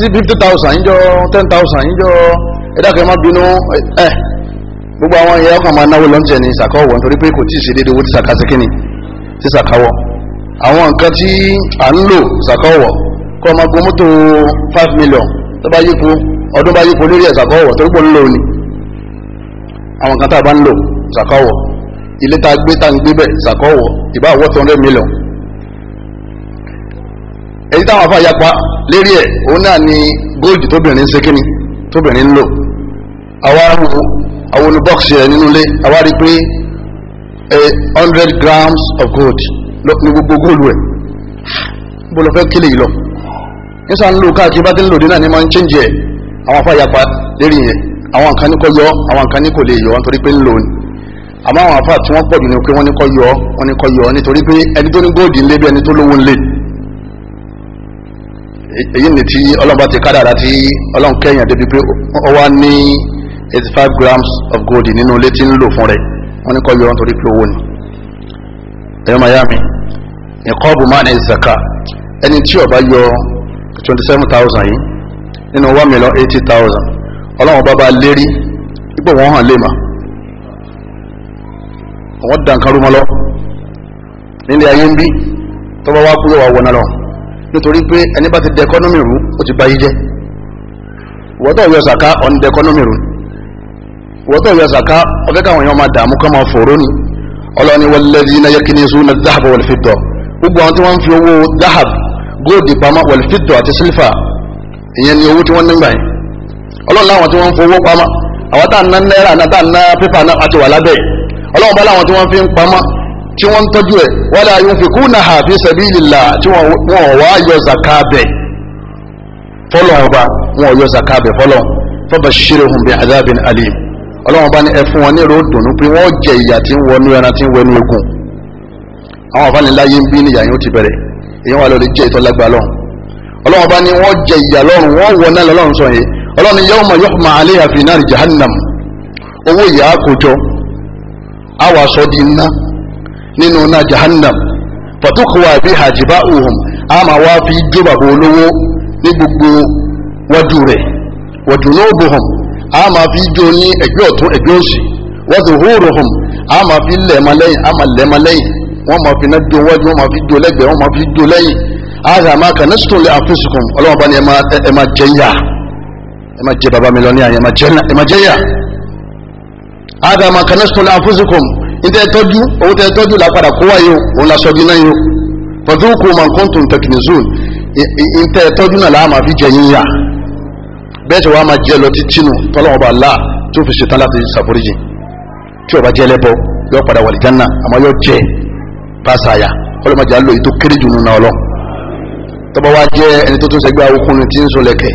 fifty thousand yíjọ ten thousand yíjọ ẹ̀dàkẹ́ má bínú ẹ̀ gbogbo àwọn ẹ̀yà ọkàn máa náwó lọ́ntẹ̀ ní ìsàkọ́ wọ̀ nítorí pé kò tí ì ṣe déédéé owó tí sàkà sí kíni tí sàkáwọ̀ àwọn nǹkan tí à ń lò sàkọ́ wọ̀ kọ́ ọmọ gbọ́ mọ́tò five million tó bá yípo ọdún bá yípo lórí ẹ̀sàkọ́ wọ̀ torí pé ń lò ní àwọn nǹkan tá a bá ń lò sàkọ́ wọ̀ ilé tá a gbé tá a ń gbé bẹ̀ sàkọ́ wọ̀ ìbá wọ́ two hundred million èyí táwọn afa yapa lérí ẹ̀ òun náà ni gold tóbìnrin ń ṣe kíni tóbìnrin ń lò àwa wo àwọn olùbọ́ọ̀sì rẹ̀ nínú ilé àwa rí pé hundred grams of gold ní gbogbo góòlù ẹ̀ bó lọ fẹ́ kílè yìí lọ nísà ń lò káàkiri bá ti ń lò dínà ní máa ń chẹ́ǹjì ẹ̀ àwọn afa yapa lérí yẹn àwọn nǹkan ní kò yọ àwọn nǹkan ní kò lè yọ wọn pé ń lò ní àmọ́ àwọn afa tí wọ́n pọ̀ jù ní pé wọ́n ní kò yọ wọ́n ní kò yọ nítorí pé ẹni tó ní góòdì ńlé bí ẹni tó lówó ńlé èyí ni tí ọlọ́run bá ti kádàrá tí ọlọ́run kẹ́yìn débi pé ó wá ní eighty five grams of gold nínú ilé tí ń lò fún rẹ̀ wọ́n ní kọ́ yọ nítorí pé owó ni. ẹ̀yọ́ miami ẹ̀kọ́ ọ̀bù man is zaka ẹni tí ó yọ twenty seven thousand yìí nínú one million eighty thousand ọlọ́run bá bá lérí ipò wọ́n hàn lè mà wọ́n dànkarú mọ́ lọ nílé ayé ń bí tọ́wọ́ wá kúrò wà wọ́n náà lọ nítorí pé ẹni bá ti dẹ ẹkọ́nọ́mì rú ó ti báyé jẹ́ wọ́tọ̀ ìwé ọ̀sàká ọ̀n dẹ ẹkọ́nọ́mì rú wọ́tọ̀ ìwé ọ̀sàká ọ̀fẹ́ káwọn èèyàn máa dààmú ká máa fòró ni ọlọ́ni walladhina yakinizuna dhahaba wal fidda gbogbo àwọn tí wọ́n ń fi owó dáhàb góòdì pamọ́ wal fidda àti sílfà ìyẹn ni owó tí wọ́n nígbà yẹn ọlọ́run láwọn tí wọ́n ń fowó pamọ́ àwọn tá ń ná náírà náà tá ń ná pépà náà àti wà lábẹ́ ọlọ́run bá láwọn tí wọ́n fi ń pamọ́ tí wọ́n ń tọ́jú ẹ̀ wala yunfikunaha fi sabilillah tí wọ́n wá yọ zakaabẹ̀ fọlọ́n ọba wọn ò yọ zakaabẹ̀ fọlọ́n fabashirhum bi adhabin alim ọlọ́wọ́n bá ní ẹ fún wọn ní èrò dùnú pé wọ́n jẹ ìyà tí ń wọnú ẹran tí ń wẹnu ogun àwọn afániláyé ń bí níyà yóò ti bẹ̀rẹ̀ èyí wà lórí jẹ́ ìtọ́lágbá jahannam owó ìyà àkójọ àwàsọ di nínú náà jahannam fàtúkùwà bí hajjibá ohun a máa wá fi jó bàbá olówó ní gbogbo wájú rẹ̀ wàdùnú bohun a máa fi jó ní ẹgbẹ́ ọ̀tún ẹgbẹ́ òsì wàdùnhóró hum a máa fi lẹ́ẹ̀mọ́lẹ́yìn a máa lẹ́ẹ̀mọ́lẹ́yìn wọ́n máa fi jó wájú wọ́n máa fi jó lẹ́gbẹ̀ẹ́ wọ́n máa fi jó lẹ́yìn ààrẹ àmà kan ní sùtò lè àfúnṣùkùn ọlọ́wọ́n bá ní ẹ máa jẹ yá ẹ máa jẹ bàbá mi lọ ní àyè ẹ máa jẹ yá ààrẹ àmà kan ní sùtò lè àfúnṣùkùn níta ẹ tọ́jú owó tẹ ẹ tọ́jú kó wáyé o òun la sọ́jú náà yìí o pẹ̀lú kó máa kó tó tẹkínì zone níta náà làá fi jẹ yín yá bẹ́ẹ̀ tí wàá máa jẹ lọ títí nù tọ́lọ́wọ́n bá la tó fi ṣetán láti ṣàforíjì tí o bá jẹ lẹ́bọ yóò padà wà lìjánná àmọ́ yóò jẹ pàṣẹ àyà ọlọ́mọdé á lò èyí tó kéré jù nínú ọlọ́ tọ́ba wa jẹ́ ẹni tó tún sẹ́gbẹ́ awokùnrin tí ń sọ lẹ́kẹ̀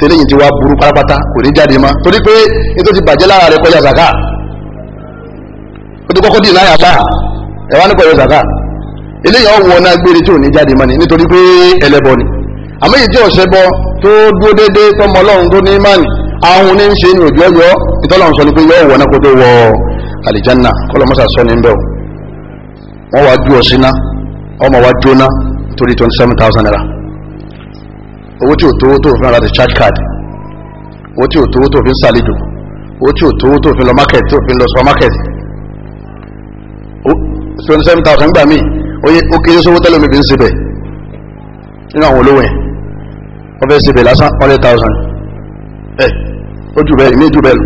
tẹ́lẹ̀ yìí burú pátápátá kò ní jáde mọ́ torí pé nítorí bàjẹ́ lára rẹ kọjá sàkáà ó ti kọ́kọ́ dì láyà bá ẹ wá nípa ẹ̀rọ zaka eléyìí ọ̀wọ́ náà gbére tí ò ní jáde mọ́ni nítorí pé ẹlẹ́bọ ni àmọ́ èyí tí ọ̀sẹ̀ bọ tó dúró déédéé tọmọ ọlọ́run tó ní mánì àwọn ní ń ṣe ní òjò ọyọ ìtọ́lọ́run sọ ni pé yọ̀ọ̀wọ́ náà kó tó wọ àlìjánà kọ́lọ́mọ́sà sọ ní bẹ́ẹ̀ wọ́n wá ju ọ̀sìn náà ọmọ wa jóná nítorí twenty seven thousand naira owó tí ò tó tó fi ń ra charge card owó tí ò tó tó fi ń ṣàlejò owó tí ò tó tó fi lọ market tó fi lọ supermarket twenty seven thousand gbà mí oye ó kéré sówó tẹ́lẹ̀ mi fi ń sebẹ̀ nínú àwọn olówó yẹn wọ́n fẹ́ sebẹ̀ lásán hundred thousand ẹ ó jù bẹ́ẹ̀ ní jù bẹ́ẹ̀ lọ.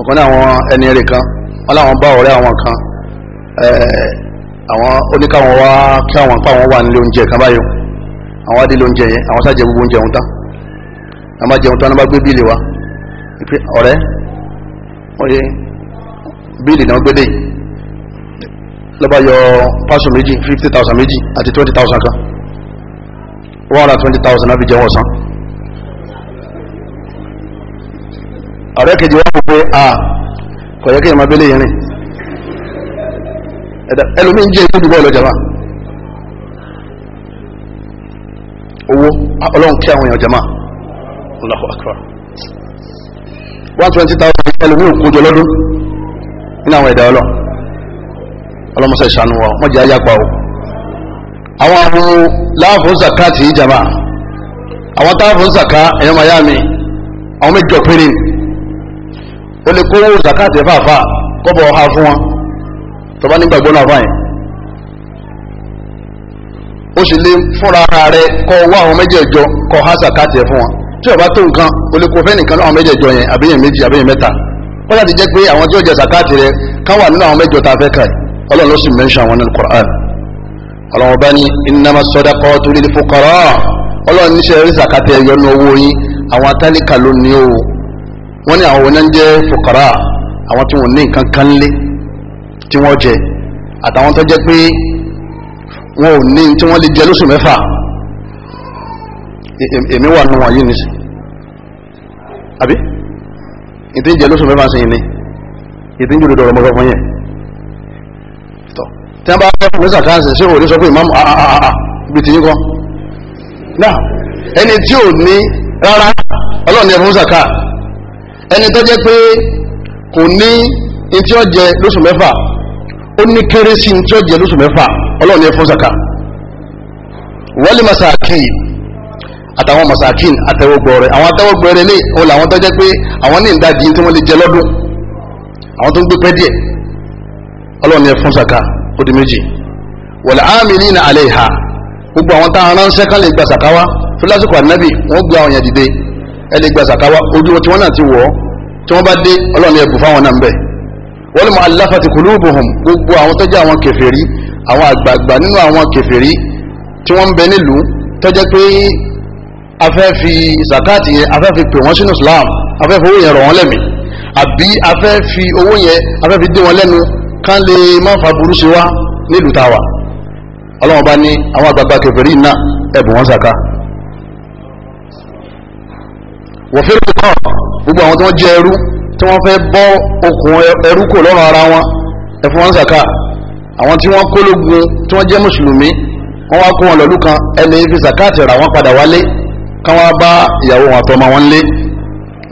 ọ̀kan ní àwọn ẹni rẹ̀ kan wọ́n láwọn bá ọ̀rẹ́ àwọn kan àwọn oníkàwọn wá kí àwọn pa àwọn wà nílé oúnjẹ kan báyìí àwọn adé lóúnjẹ yẹn àwọn sáà jẹ gbogbo oúnjẹ ọ̀hún tán àwọn máa jẹun tán wọ́n bá gbé bíìlì wa ọ̀rẹ́ bíìlì náà gbélé lọ́ba yọ pásọ méjì fifty thousand méjì àti twenty thousand kan one hundred twenty thousand náà fi jẹun ọ̀sán. ọ̀rẹ́ kejì wọ́n kò pé a kò yẹ kí ẹ̀ma gbélé yẹn rìn ẹlòmíì ń jẹ́ ikú dùgbọ́ ọ̀lọ́jà máa owó ọlọ́run kí àwọn èèyàn jẹ́ máa Allahu Akbar one twenty thousand jọ lọ́dún nínú àwọn ẹ̀dá ọlọ́ ọlọ́mọsẹ̀ ìṣàánú wa wọ́n jẹ́ ayápa o àwọn àwọn láàfún zaka ti ìjàmbá àwọn táàfún zaka ẹ̀yọ́ miami àwọn méjọ péré o lè kó zaka tẹ̀ fàáfà kọ́bọ̀ ọha fún wọn tọ́ba nígbàgbọ́ náà fáyìn o sì lè fúnra rẹ kọ́ wá àwọn méjèèjọ kọ́ ha zaka tẹ̀ fún wọn tí o bá tó nǹkan o lè kó fẹ́ nìkan náà méjèèjọ yẹn àbíyàn méjì àbíyàn mẹ́ta wọ́n láti jẹ́ pé àwọn tí ó jẹ sàkáàtì rẹ káwà nínú àwọn mẹ́jọ tá a fẹ́ kà yìí ọlọ́run ló sì mẹ́ńṣọ àwọn nínú Qur'an ọlọ́run bá ní innama sadaqatu lil fuqara ọlọ́run níṣẹ́ rí sàkáàtì ẹ̀yọ́ nu owó yín àwọn atálíkà ló ní o wọ́n ní àwọn onáń jẹ́ fuqara àwọn tí wọ́n ní nǹkan kan lé tí wọ́n jẹ àtàwọn tó jẹ́ pé wọn ò ní tí wọ́n lè jẹ lóṣù mẹ́fà èmi wà nù wọ̀nyí nìsín àbí ìtí jẹ lóṣù mẹ́fà sí ni ìtí jù lọ́dọ̀ ọmọ fún yẹn tọ́ tí wọ́n bá fẹ́ fún mẹ́sà káàsì sí òde sọ pé ìmáàmù àà ah, ah, ah, ibi tí yín kọ́ náà ẹni tí ò ní rárá ọlọ́ọ̀ni ẹ̀fún sàkà ẹni tó jẹ́ pé kò ní ìtí ọ̀jẹ lóṣù mẹ́fà ó ní kéré sí ìtí ọ̀jẹ lóṣù mẹ́fà ọlọ́ọ̀ni ẹ̀fún sàkà wọ́n lè máa àtàwọn masakin àtẹwọgbọrẹ àwọn àtẹwọgbọrẹ lè ó làwọn tó jẹ pé àwọn ní ìdajì tí wọn lè jẹ lọ́dún àwọn tó ń gbé pẹ díẹ̀ Ọlọ́run yẹ fún saka ó di méjì wọlé amílí na alẹ ha gbogbo àwọn táwọn ránṣẹ́ kan lè gba saka wa fúlásìkò ànábì wọn gbé àwọn yẹn dìde ẹ lè gba saka wa ojú wọn tí wọn náà ti wọ tí wọn bá dé Ọlọ́run yẹ bù fáwọn náà ń wọlé mu aláfàtì kùlùbùhùn gbogbo àwọn tó jẹ àwọn kèfèrí afẹ́ fi zakati yẹn afẹ́ fi pè wọ́n sínú islam afẹ́ fi owó yẹn rọ̀ wọ́n lẹ́mí àbí afẹ́ fi owó yẹn afẹ́ fi dé wọn lẹ́nu ká lè má fa burú sí wa nílùú tá a wà ọlọ́wọ́n bá ní àwọn àgbààgbà kèfèrí iná ẹ̀bùn wọn zaka wọ́n fẹ́ rẹ̀ kọ́ gbogbo àwọn tí wọ́n jẹ́ ẹrú tí wọ́n fẹ́ bọ́ okùn ẹrú kò lọ́rùn ara wọn ẹ̀fún wọn zaka àwọn tí wọ́n kó tí wọ́n jẹ́ mùsùlùmí wọ́n wá kó wọn lọ́lú kan ẹni fi zakati ra wọn padà wálé kán wá bá ìyàwó wọn àtọmọ wọn lé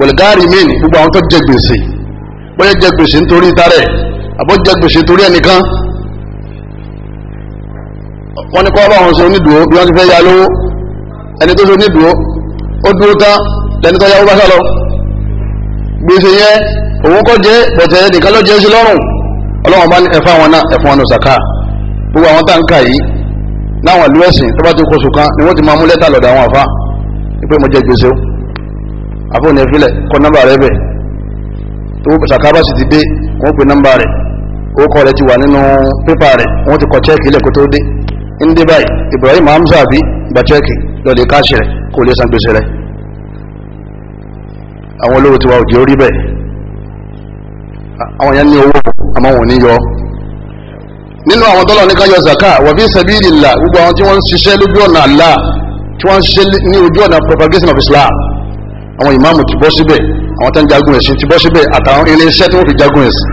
wẹlgáàrí míìn gbogbo àwọn tó jẹ gbèsè bóyá jẹ gbèsè nítorí tarẹ àbó jẹ gbèsè torí ẹnìkan wọn ní kọ́ bá wọn ṣe onídùúró bí wọ́n ti fẹ́ ya lówó ẹni tó ṣe onídùúró ó dúró tán lẹni tó yáwó bá sá lọ gbèsè yẹn òun kọ́ jẹ́ bọ̀tẹ̀ nìkan ló jẹ́ sí lọ́rùn ọlọ́wọ́n bá ẹ̀fọ́ àwọn náà ẹ̀fọ́ wọn ọ̀sàká gbogbo àwọn táǹkà yìí láwọn ìlú ẹ̀sìn tó bá ti kóso kan ni wọ́n ti máa mú lẹ́tà lọ́dọ̀ àwọn àfa pé mo jẹ gbèsè o àfọwọ́n yẹn filẹ̀ kọ́ nọ́mbà rẹ bẹ̀ owó sàkábà sì ti dé wọ́n pe nọ́mbà rẹ orúkọ rẹ ti wà nínú pépà rẹ wọ́n ti kọ chẹ́ẹ̀kì ilẹ̀ kó tó dé ń dé báyìí Ibrahim Hamza àbí gba chẹ́ẹ̀kì lọ́ọ̀lẹ́ káàṣì rẹ kó lè san gbèsè rẹ àwọn olówó ti wà òjò rí bẹ́ẹ̀ àwọn yẹn ní owó àmọ́ wọn ò ní yọ nínú àwọn tọ́lọ̀ ní ká yọ zaka wà fi sabilillah gbogbo àwọn tí wọ́n ń ṣiṣẹ́ lójú ọ̀nà Allah tí wọ́n ń ṣe ní ojú ọ̀nà propagation of Islam àwọn ìmáàmù ti bọ́ síbẹ̀ àwọn tó ń jagun ẹ̀sìn ti bọ́ síbẹ̀ àtàwọn iléeṣẹ́ tí wọ́n fi jagun ẹ̀sìn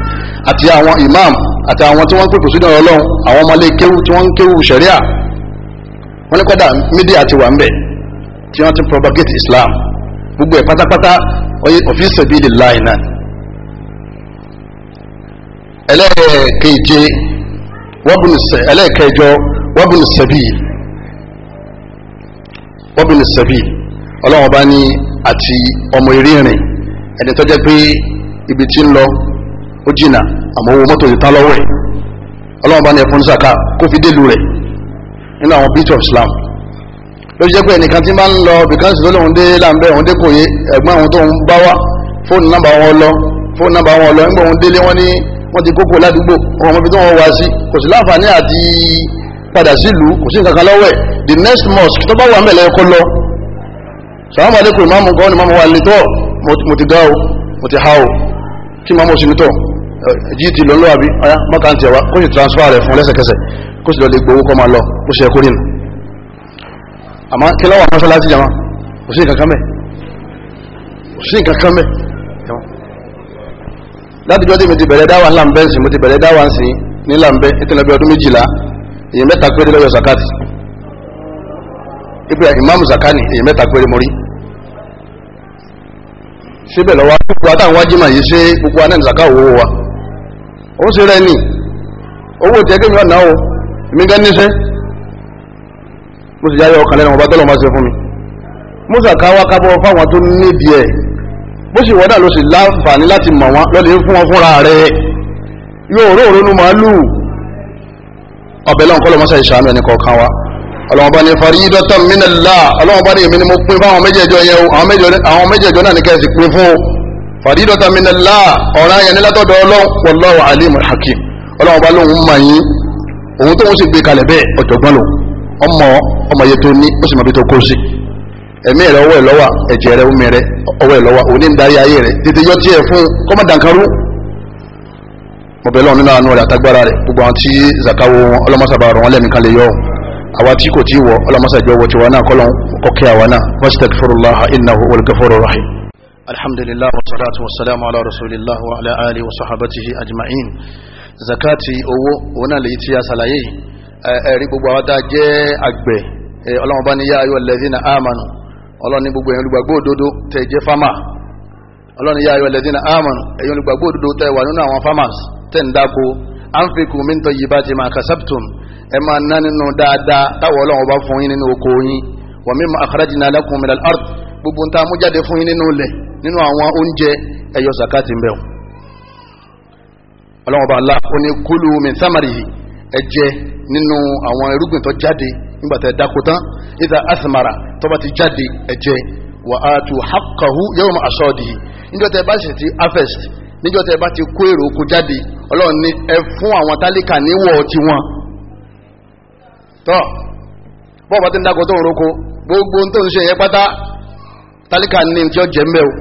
àti àwọn ìmáàmù àti àwọn tí wọ́n ń pèpè sínú ọlọ́run àwọn ọmọlé kéwù tí wọ́n ń kéwù sẹ̀ríà wọ́n ní kọ́dà mídíà ti wà ń bẹ̀ tí wọ́n ti propagate Islam gbogbo ẹ̀ pátápátá òfin sẹ̀bílì láì náà ẹlẹ́ẹ̀keje wọ́bùn ẹlẹ́ẹ̀kẹjọ wọ́bùn sẹ̀bílì wọ́bìn sẹ́bì ọlọ́wọ́n bá ní àti ọmọ ìrìnrìn ẹni tó jẹ́ pé ibi tí ń lọ ó jìnà àmọ́ owó mọ́tò yìí tá lọ́wọ́ ẹ̀ ọlọ́wọ́n bá ní ẹ̀fọn sàkà kó fi délùú rẹ̀ nínú àwọn beat of Islam ló jẹ́ pé ẹnìkan tí máa ń lọ bìkánsì ló lóun dé láǹbẹ̀ òun dé kòye ẹ̀gbọ́n àwọn tó ń bá wá fóònù nọ́mbà wọn lọ fóònù nọ́mbà wọn lọ nígbà òun délé wọn ní wọ́n ti kókó ládùúgbò wọn mọ̀ tí wọ́n wá sí kò sí láǹfààní àti padà sílùú kò sí nǹkan kan lọ́wọ́ the next mosque tó bá wà mẹ́lẹ̀ ẹ̀kọ́ lọ sàmúlò alẹ́kùn ìmáàmù kan ní máàmù wa lè tọ́ mo ti dá o mo ti há o kí máàmù sí mi tọ̀ èyí ti lọ lọ́wọ́ àbí ọ̀yá mọ́ta ń tẹ̀wá kó sì transfer rẹ̀ fún lẹ́sẹ̀kẹsẹ̀ kó sì lọ lè gbowó kọ́ máa lọ kó sì ẹ̀kọ́ nínú àmọ́ kí lọ́wọ́ àwọn sọ́lá ti jàmá láti jọ́ tí mo ti bẹ̀rẹ̀ dáwà ńlá ń bẹ́ǹsì mo ti bẹ̀rẹ̀ dáwà ń sìn ní làǹbẹ́ ìtẹ̀lẹ́bẹ̀ ọdún méjìlá èyàn mẹ́ta péré lọ́yọ̀ zakati ibi imamu zakani èyàn mẹ́ta péré mọ́rí síbẹ̀ lọ́wọ́ gbogbo àtàwọn wájìmọ̀ yìí ṣe gbogbo anáà zaka owó wa ó sì rẹ ní owó tí ẹgbẹ́ mi wà náà o èmi gan níṣẹ́ mo sì yáyọ ọkàn lẹ́nu ọba tọ́lọ́ máa ṣe fún mi mo zaka wá kábọ̀ fáwọn tó nídìí ẹ̀ bó sì wọ́dà ló sì láǹfààní láti mọ̀ wọn lọ́lẹ̀ fún wọn fúnra rẹ̀ yóò róòrónú màálù ọbẹ̀ lọ́n kọ́lọ́ mọ́sá ìṣàánú ẹni kọ̀ọ̀kan wa ọlọ́mọba ní faridatan minallah ọlọ́mọba ní èmi ni mo pín fáwọn méjèèjọ yẹn o àwọn méjèèjọ náà ní kẹ́sì pín fún o faridatan minallah ọ̀ràn yẹn nílátọ̀dọ̀ ọlọ́run wallahu hakim ọlọ́mọba lóhun mà yín òun tóun sì gbé kalẹ̀ bẹ́ẹ̀ ọ̀jọ̀gbọ́n lò ọmọ ọmọ yẹn tó ní ó sì mọ bí tó kó sí mọ̀bẹ́ lọ́wọ́ nínú àánú rẹ̀ àtagbára rẹ̀ gbogbo àwọn tí zakawo wọn ọlọ́mọsàbà rọ̀ wọn lẹ́nìkan lè yọ àwa tí kò tí wọ ọlọ́mọsàjọ wọ tiwa náà kọ́lọ́n kọ́kẹ́ àwa náà wastaghfirullah innahu huwal ghafurur rahim. alhamdulillah wa salatu wa salamu ala rasulillah wa ala alihi wa sahabatihi ajma'in zakati owó òun náà lèyí tí a ṣàlàyé ẹ̀rí gbogbo àwọn tá a jẹ́ àgbẹ̀ ọlọ́mọba ni yá ayọ̀ lẹ́sìn náà ọlọ́ni gbogbo ẹ̀yìn olùgbàgbọ́ òdodo tẹ̀ jẹ́ fámà ọlọ́run yá ayọ̀ lẹ́dínà amọ̀nù ẹ̀yọ́ olùgbàgbọ́ òdodo tẹ́ wà nínú àwọn farmers tẹ́ ń dáko anfiku min tayyibati ma kasabtum ẹ máa ná nínú dáadáa táwọn ọlọ́run bá fún yín nínú oko yín wa mimma akhrajna lakum minal ard gbogbo ń ta mú jáde fún yín nínú ilẹ̀ nínú àwọn oúnjẹ ẹ̀yọ́ sàkáàtì ń ọlọ́run bá la ó ní kulu min thamarihi ẹ jẹ nínú àwọn irúgbìn tó jáde nígbà tẹ́ dáko tán idha asmara tó bá ti jáde ẹ jẹ wa atu haqqahu yawma asadihi níjọ́ tẹ bá ṣètì harvest níjọ́ tẹ bá ti kó èrò oko jáde ọlọ́run ní ẹ fún àwọn tálíkà níwọ̀ tiwọn. tọ́ bọ́ọ̀ bá ti ń dákọ̀ tó ń roko gbogbo tó ń ṣe yẹn pátá tálíkà ní ní ọjọ́ jẹ́mbẹ́ o.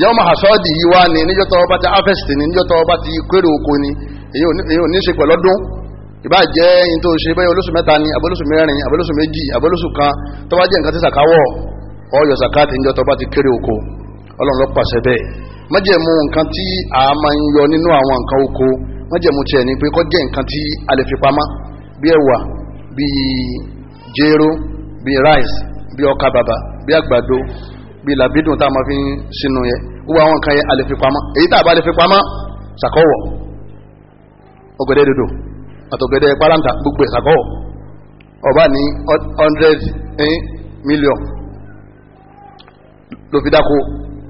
yẹ́wọ́n máa sọ́ọ̀dì yìí wá ní níjọ́ tọ́ bá ti harvest ní níjọ́ tọ́ bá ti kó èrò oko ni èyí ò ní ṣe pẹ̀lú ọdún ìbá jẹ́ in tó ṣe bẹ́yẹ olóṣù mẹ́ta ni abolóṣù mẹ́rin abolóṣù méjì abolóṣù kan tó bá jẹ́ nǹkan tí sàkáwọ̀ ọyọ̀ sàkáàtì ń tó bá ti kéré oko ọlọ́run ló pàṣẹ bẹ́ẹ̀ májẹ̀mú nǹkan tí a máa ń yọ nínú àwọn nǹkan oko májẹ̀mú tiẹ̀ ni pé kó jẹ́ nǹkan tí a lè fi pamọ́ bí ẹ̀wà bí jéró bí rice bí ọkà bàbà bí àgbàdo bí làbídùn tá a máa fi ń sínú yẹ gbogbo àwọn nǹkan yẹn a lè fi pamọ́ èyí tá a bá lè fi pamọ́ ṣàkọ́wọ̀ ọ̀gẹ̀dẹ̀ dodo àtọ̀gẹ̀dẹ̀ pálánta gbogbo ìṣàkọ́wọ̀ ọba ní hundred eh, million ló dáko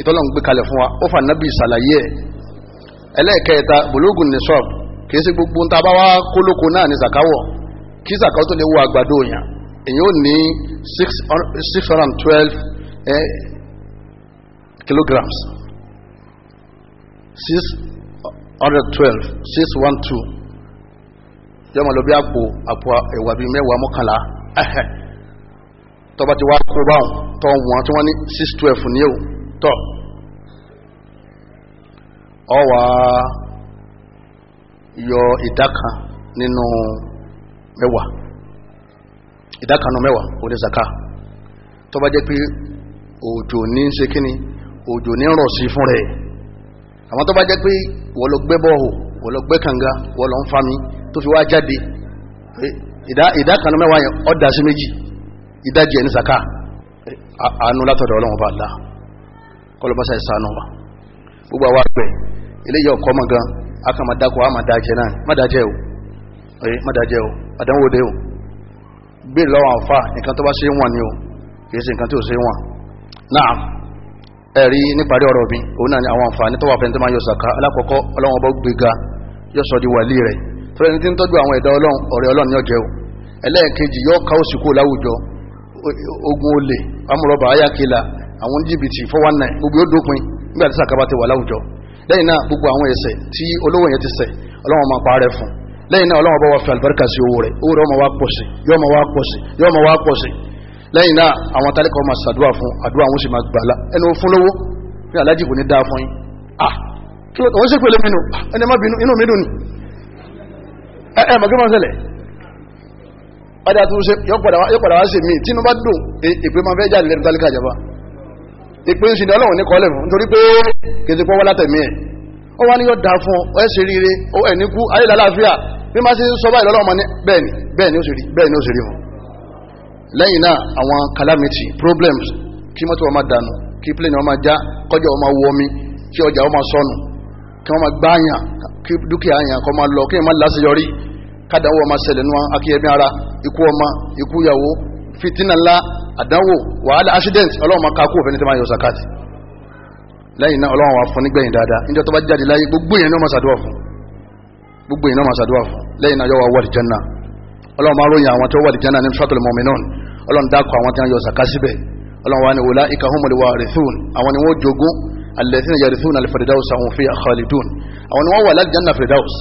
ìtọ́lọ̀ ń gbé kalẹ̀ fún wa ó fà nábì ìsàlàyé ẹ̀ ẹlẹ́ẹ̀kẹta bùlógùn ní sọ́ọ̀bù kìí ṣe gbogbo ń ta kólókó náà ní zakawọ̀ kí zakaw tó lè wo àgbàdo yàn èyí ò ní six hundred and twelve kilograms six hundred twelve six one two yọmọ lọ bí àpò àpò ẹ̀wà bíi mẹ́wàá mọ́kànlá tọ́ba ti wá kó báwọn tọ́ wọn tí wọ́n ní six twelve ní o tọ̀ ọ wà yọ ìdá kan nínú mẹ́wàá ìdá kan nínú mẹ́wàá ó lè zaka tó bá jẹ́ pé òjò ní ṣe kíni òjò ní rọ̀ sí fún rẹ̀ àwọn tó bá jẹ́ pé wọ́n lọ gbẹ́ kànga wọ́n ń fami tó fi wá jáde ìdá kan nínú mẹ́wàá yẹn ó dá sí méjì ìdájì ẹ̀ ní zaka àánú látọ̀dọ̀ ọlọ́run bá láà kọlọmọsá ìsànù wa gbogbo àwa àgbẹ̀ eléyìí ọkọ ọmọ gan akamadako amadajẹ náà madajẹ o ẹ madajẹ o àdánwòde o gbèrè lọ́wọ́ àfa nǹkan tó bá ṣe wọn ni o kìí ṣe nǹkan tí ṣe náà ẹ̀rí níparí ọ̀rọ̀ mi òun náà ni àwọn àǹfààní tó tó máa yọ sàká alákọ̀ọ́kọ́ ọlọ́wọ́n bọ́ sọ di wàlí rẹ̀ ní tí ń tọ́jú àwọn ẹ̀dá ọlọ́run ọ̀rẹ́ ọlọ́run o ẹlẹ́ẹ̀kejì ká òsìkò láwùjọ ogun àwọn jìbìtì fọwọ́nà gbogbo yóò dópin nígbà tí sàkábà ti wà láwùjọ lẹ́yìn náà gbogbo àwọn ẹ̀ṣẹ̀ tí olówó yẹn ti ṣẹ̀ ọlọ́wọ́n máa parẹ́ fún lẹ́yìn náà ọlọ́wọ́n bá wà fi àlùbáríkà sí owó rẹ̀ owó rẹ̀ ọmọ wa pọ̀ sí yọmọ wa pọ̀ sí yọmọ wa pọ̀ sí lẹ́yìn náà àwọn tálíkà máa ṣàdúrà fún àdúrà wọn sì máa gbàlá ẹni o fún lówó bí alájì kò ní dáa fún yín ah kí ló wọ́n sì pèlè mí ẹni má bínú inú mi dùn ni ẹ ẹ mọ̀ kí wọ́n ọjà tó ṣe yọ padà wá ṣe mí tínú bá dùn èpè máa fẹ́ jáde lẹ́nu tálíkà ìjọba ìpín sí ni ọlọ́run ní kọ́lẹ̀ fún nítorí pé kèsì pọ́n wọ́n látẹ̀mí ẹ̀ ó wá ní yóò dá fún ọ ẹ̀ṣẹ̀ rire ó ẹ̀ níkú ayé lálàáfíà bí má sí sọ báyìí lọ́lọ́run ní bẹ́ẹ̀ni bẹ́ẹ̀ni ó sì rí bẹ́ẹ̀ni ó sì rí fún lẹ́yìn náà àwọn calamity problems kí mọ́tò wọn máa dànù kí plane wọn máa já kọjá wọn máa wọ omi kí ọjà wọn máa sọnù kí wọn máa gbá àyàn kí dúkìá àyàn kọ́ máa lọ kí wọn máa láṣeyọrí kádàáwọ̀ máa ṣẹlẹ̀ nù akíyẹmí ara ikú ọmọ ikú ìyàwó fitinala àdánwò wàhálà accident ọlọ́run máa kakú òfin tí máa yọ zakati lẹ́yìn náà ọlọ́run wà fún nígbẹ̀yìn dáadáa níjọ́ tó bá jáde láyé gbogbo èèyàn náà máa ṣàdúrà fún gbogbo èèyàn náà máa ṣàdúrà fún lẹ́yìn náà yọ wà wọ́ọ̀dì jẹ́nà ọlọ́run máa ròyìn àwọn tó wọ́ọ̀dì jẹ́nà ní suratul mu'minun ọlọ́run dákọ̀ àwọn tí wọ́n yọ zakati síbẹ̀ ọlọ́run wà ní ulaika humul warithun àwọn ni wọ́n jogún alladhina yarithuna al-firdaus hum fiha khalidun àwọn ni wọ́n wà láljanna firdaus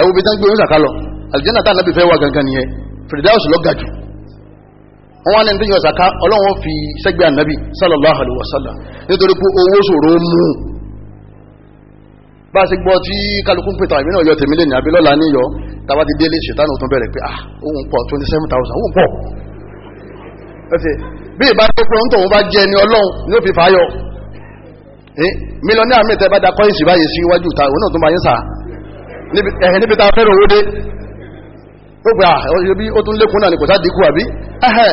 ẹ̀wù bí tán gbé wọn sàkálọ̀ aljanna tá a fẹ́ wà gangan nìyẹn firdaus lọ́gàjù wọ́n ní tíyàn sàká ọlọ́wọ́n fi sẹ́gbẹ́ ànábì sallallahu alaihi wasallam nítorí pé owó ṣòro mú bá ṣe gbọ́ tí kálukú pẹ̀tà ìbí náà yọ tèmi lè ní abilọ́la tàbá ti délé ṣètánù tún bẹ̀rẹ̀ pé ah ohun pọ̀ 27,000 ohun pọ̀ bí ìbá tó pé oúnjẹ òun bá jẹ ni ọlọ́run ni ó fi da kọ́yìn sí báyìí sí ta òun náà tó máa ń sà ó gbà ah, ẹbí ó tún lékún náà ni kò sá dínkù àbí ẹ̀hẹ̀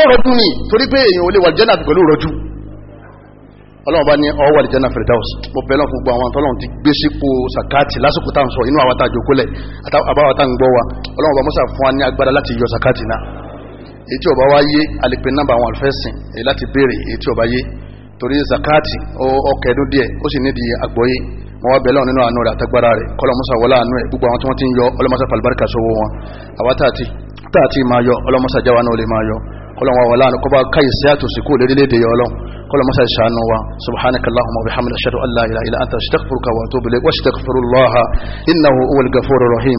ọ̀rọ̀ dún ni torí pé èèyàn ò lè wà jẹ́nà pẹ̀lú rọjú ọlọ́run bá ní ọwọ́ àdìjẹ́nà firdaus mo bẹ̀rẹ̀ fún gbogbo àwọn tọ́lọ́run ti gbé sípò sàkáàtì lásìkò tá à ń sọ inú àwọn àtàjò kólẹ̀ àbáwọ̀ tá à ń gbọ́ wa ọlọ́run bá mo wá bẹ̀lọ́ nínú àánú rẹ̀ àtagbára rẹ̀ kọlọmọsà wọlá àánú ẹ̀ gbogbo àwọn tí wọ́n ti ń yọ ọlọmọsà pàlùbáríkà sówó wọn àwa táàtì táàtì máa yọ ọlọmọsà jáwa náà lè máa yọ kọlọmọ wọlá àánú kọba káyì sí àtòsí kó lérílẹ̀dẹ̀ yọ ọlọ́run kọlọmọsà ìṣàánú wa subhanaka allahumma wa bihamdika ashhadu an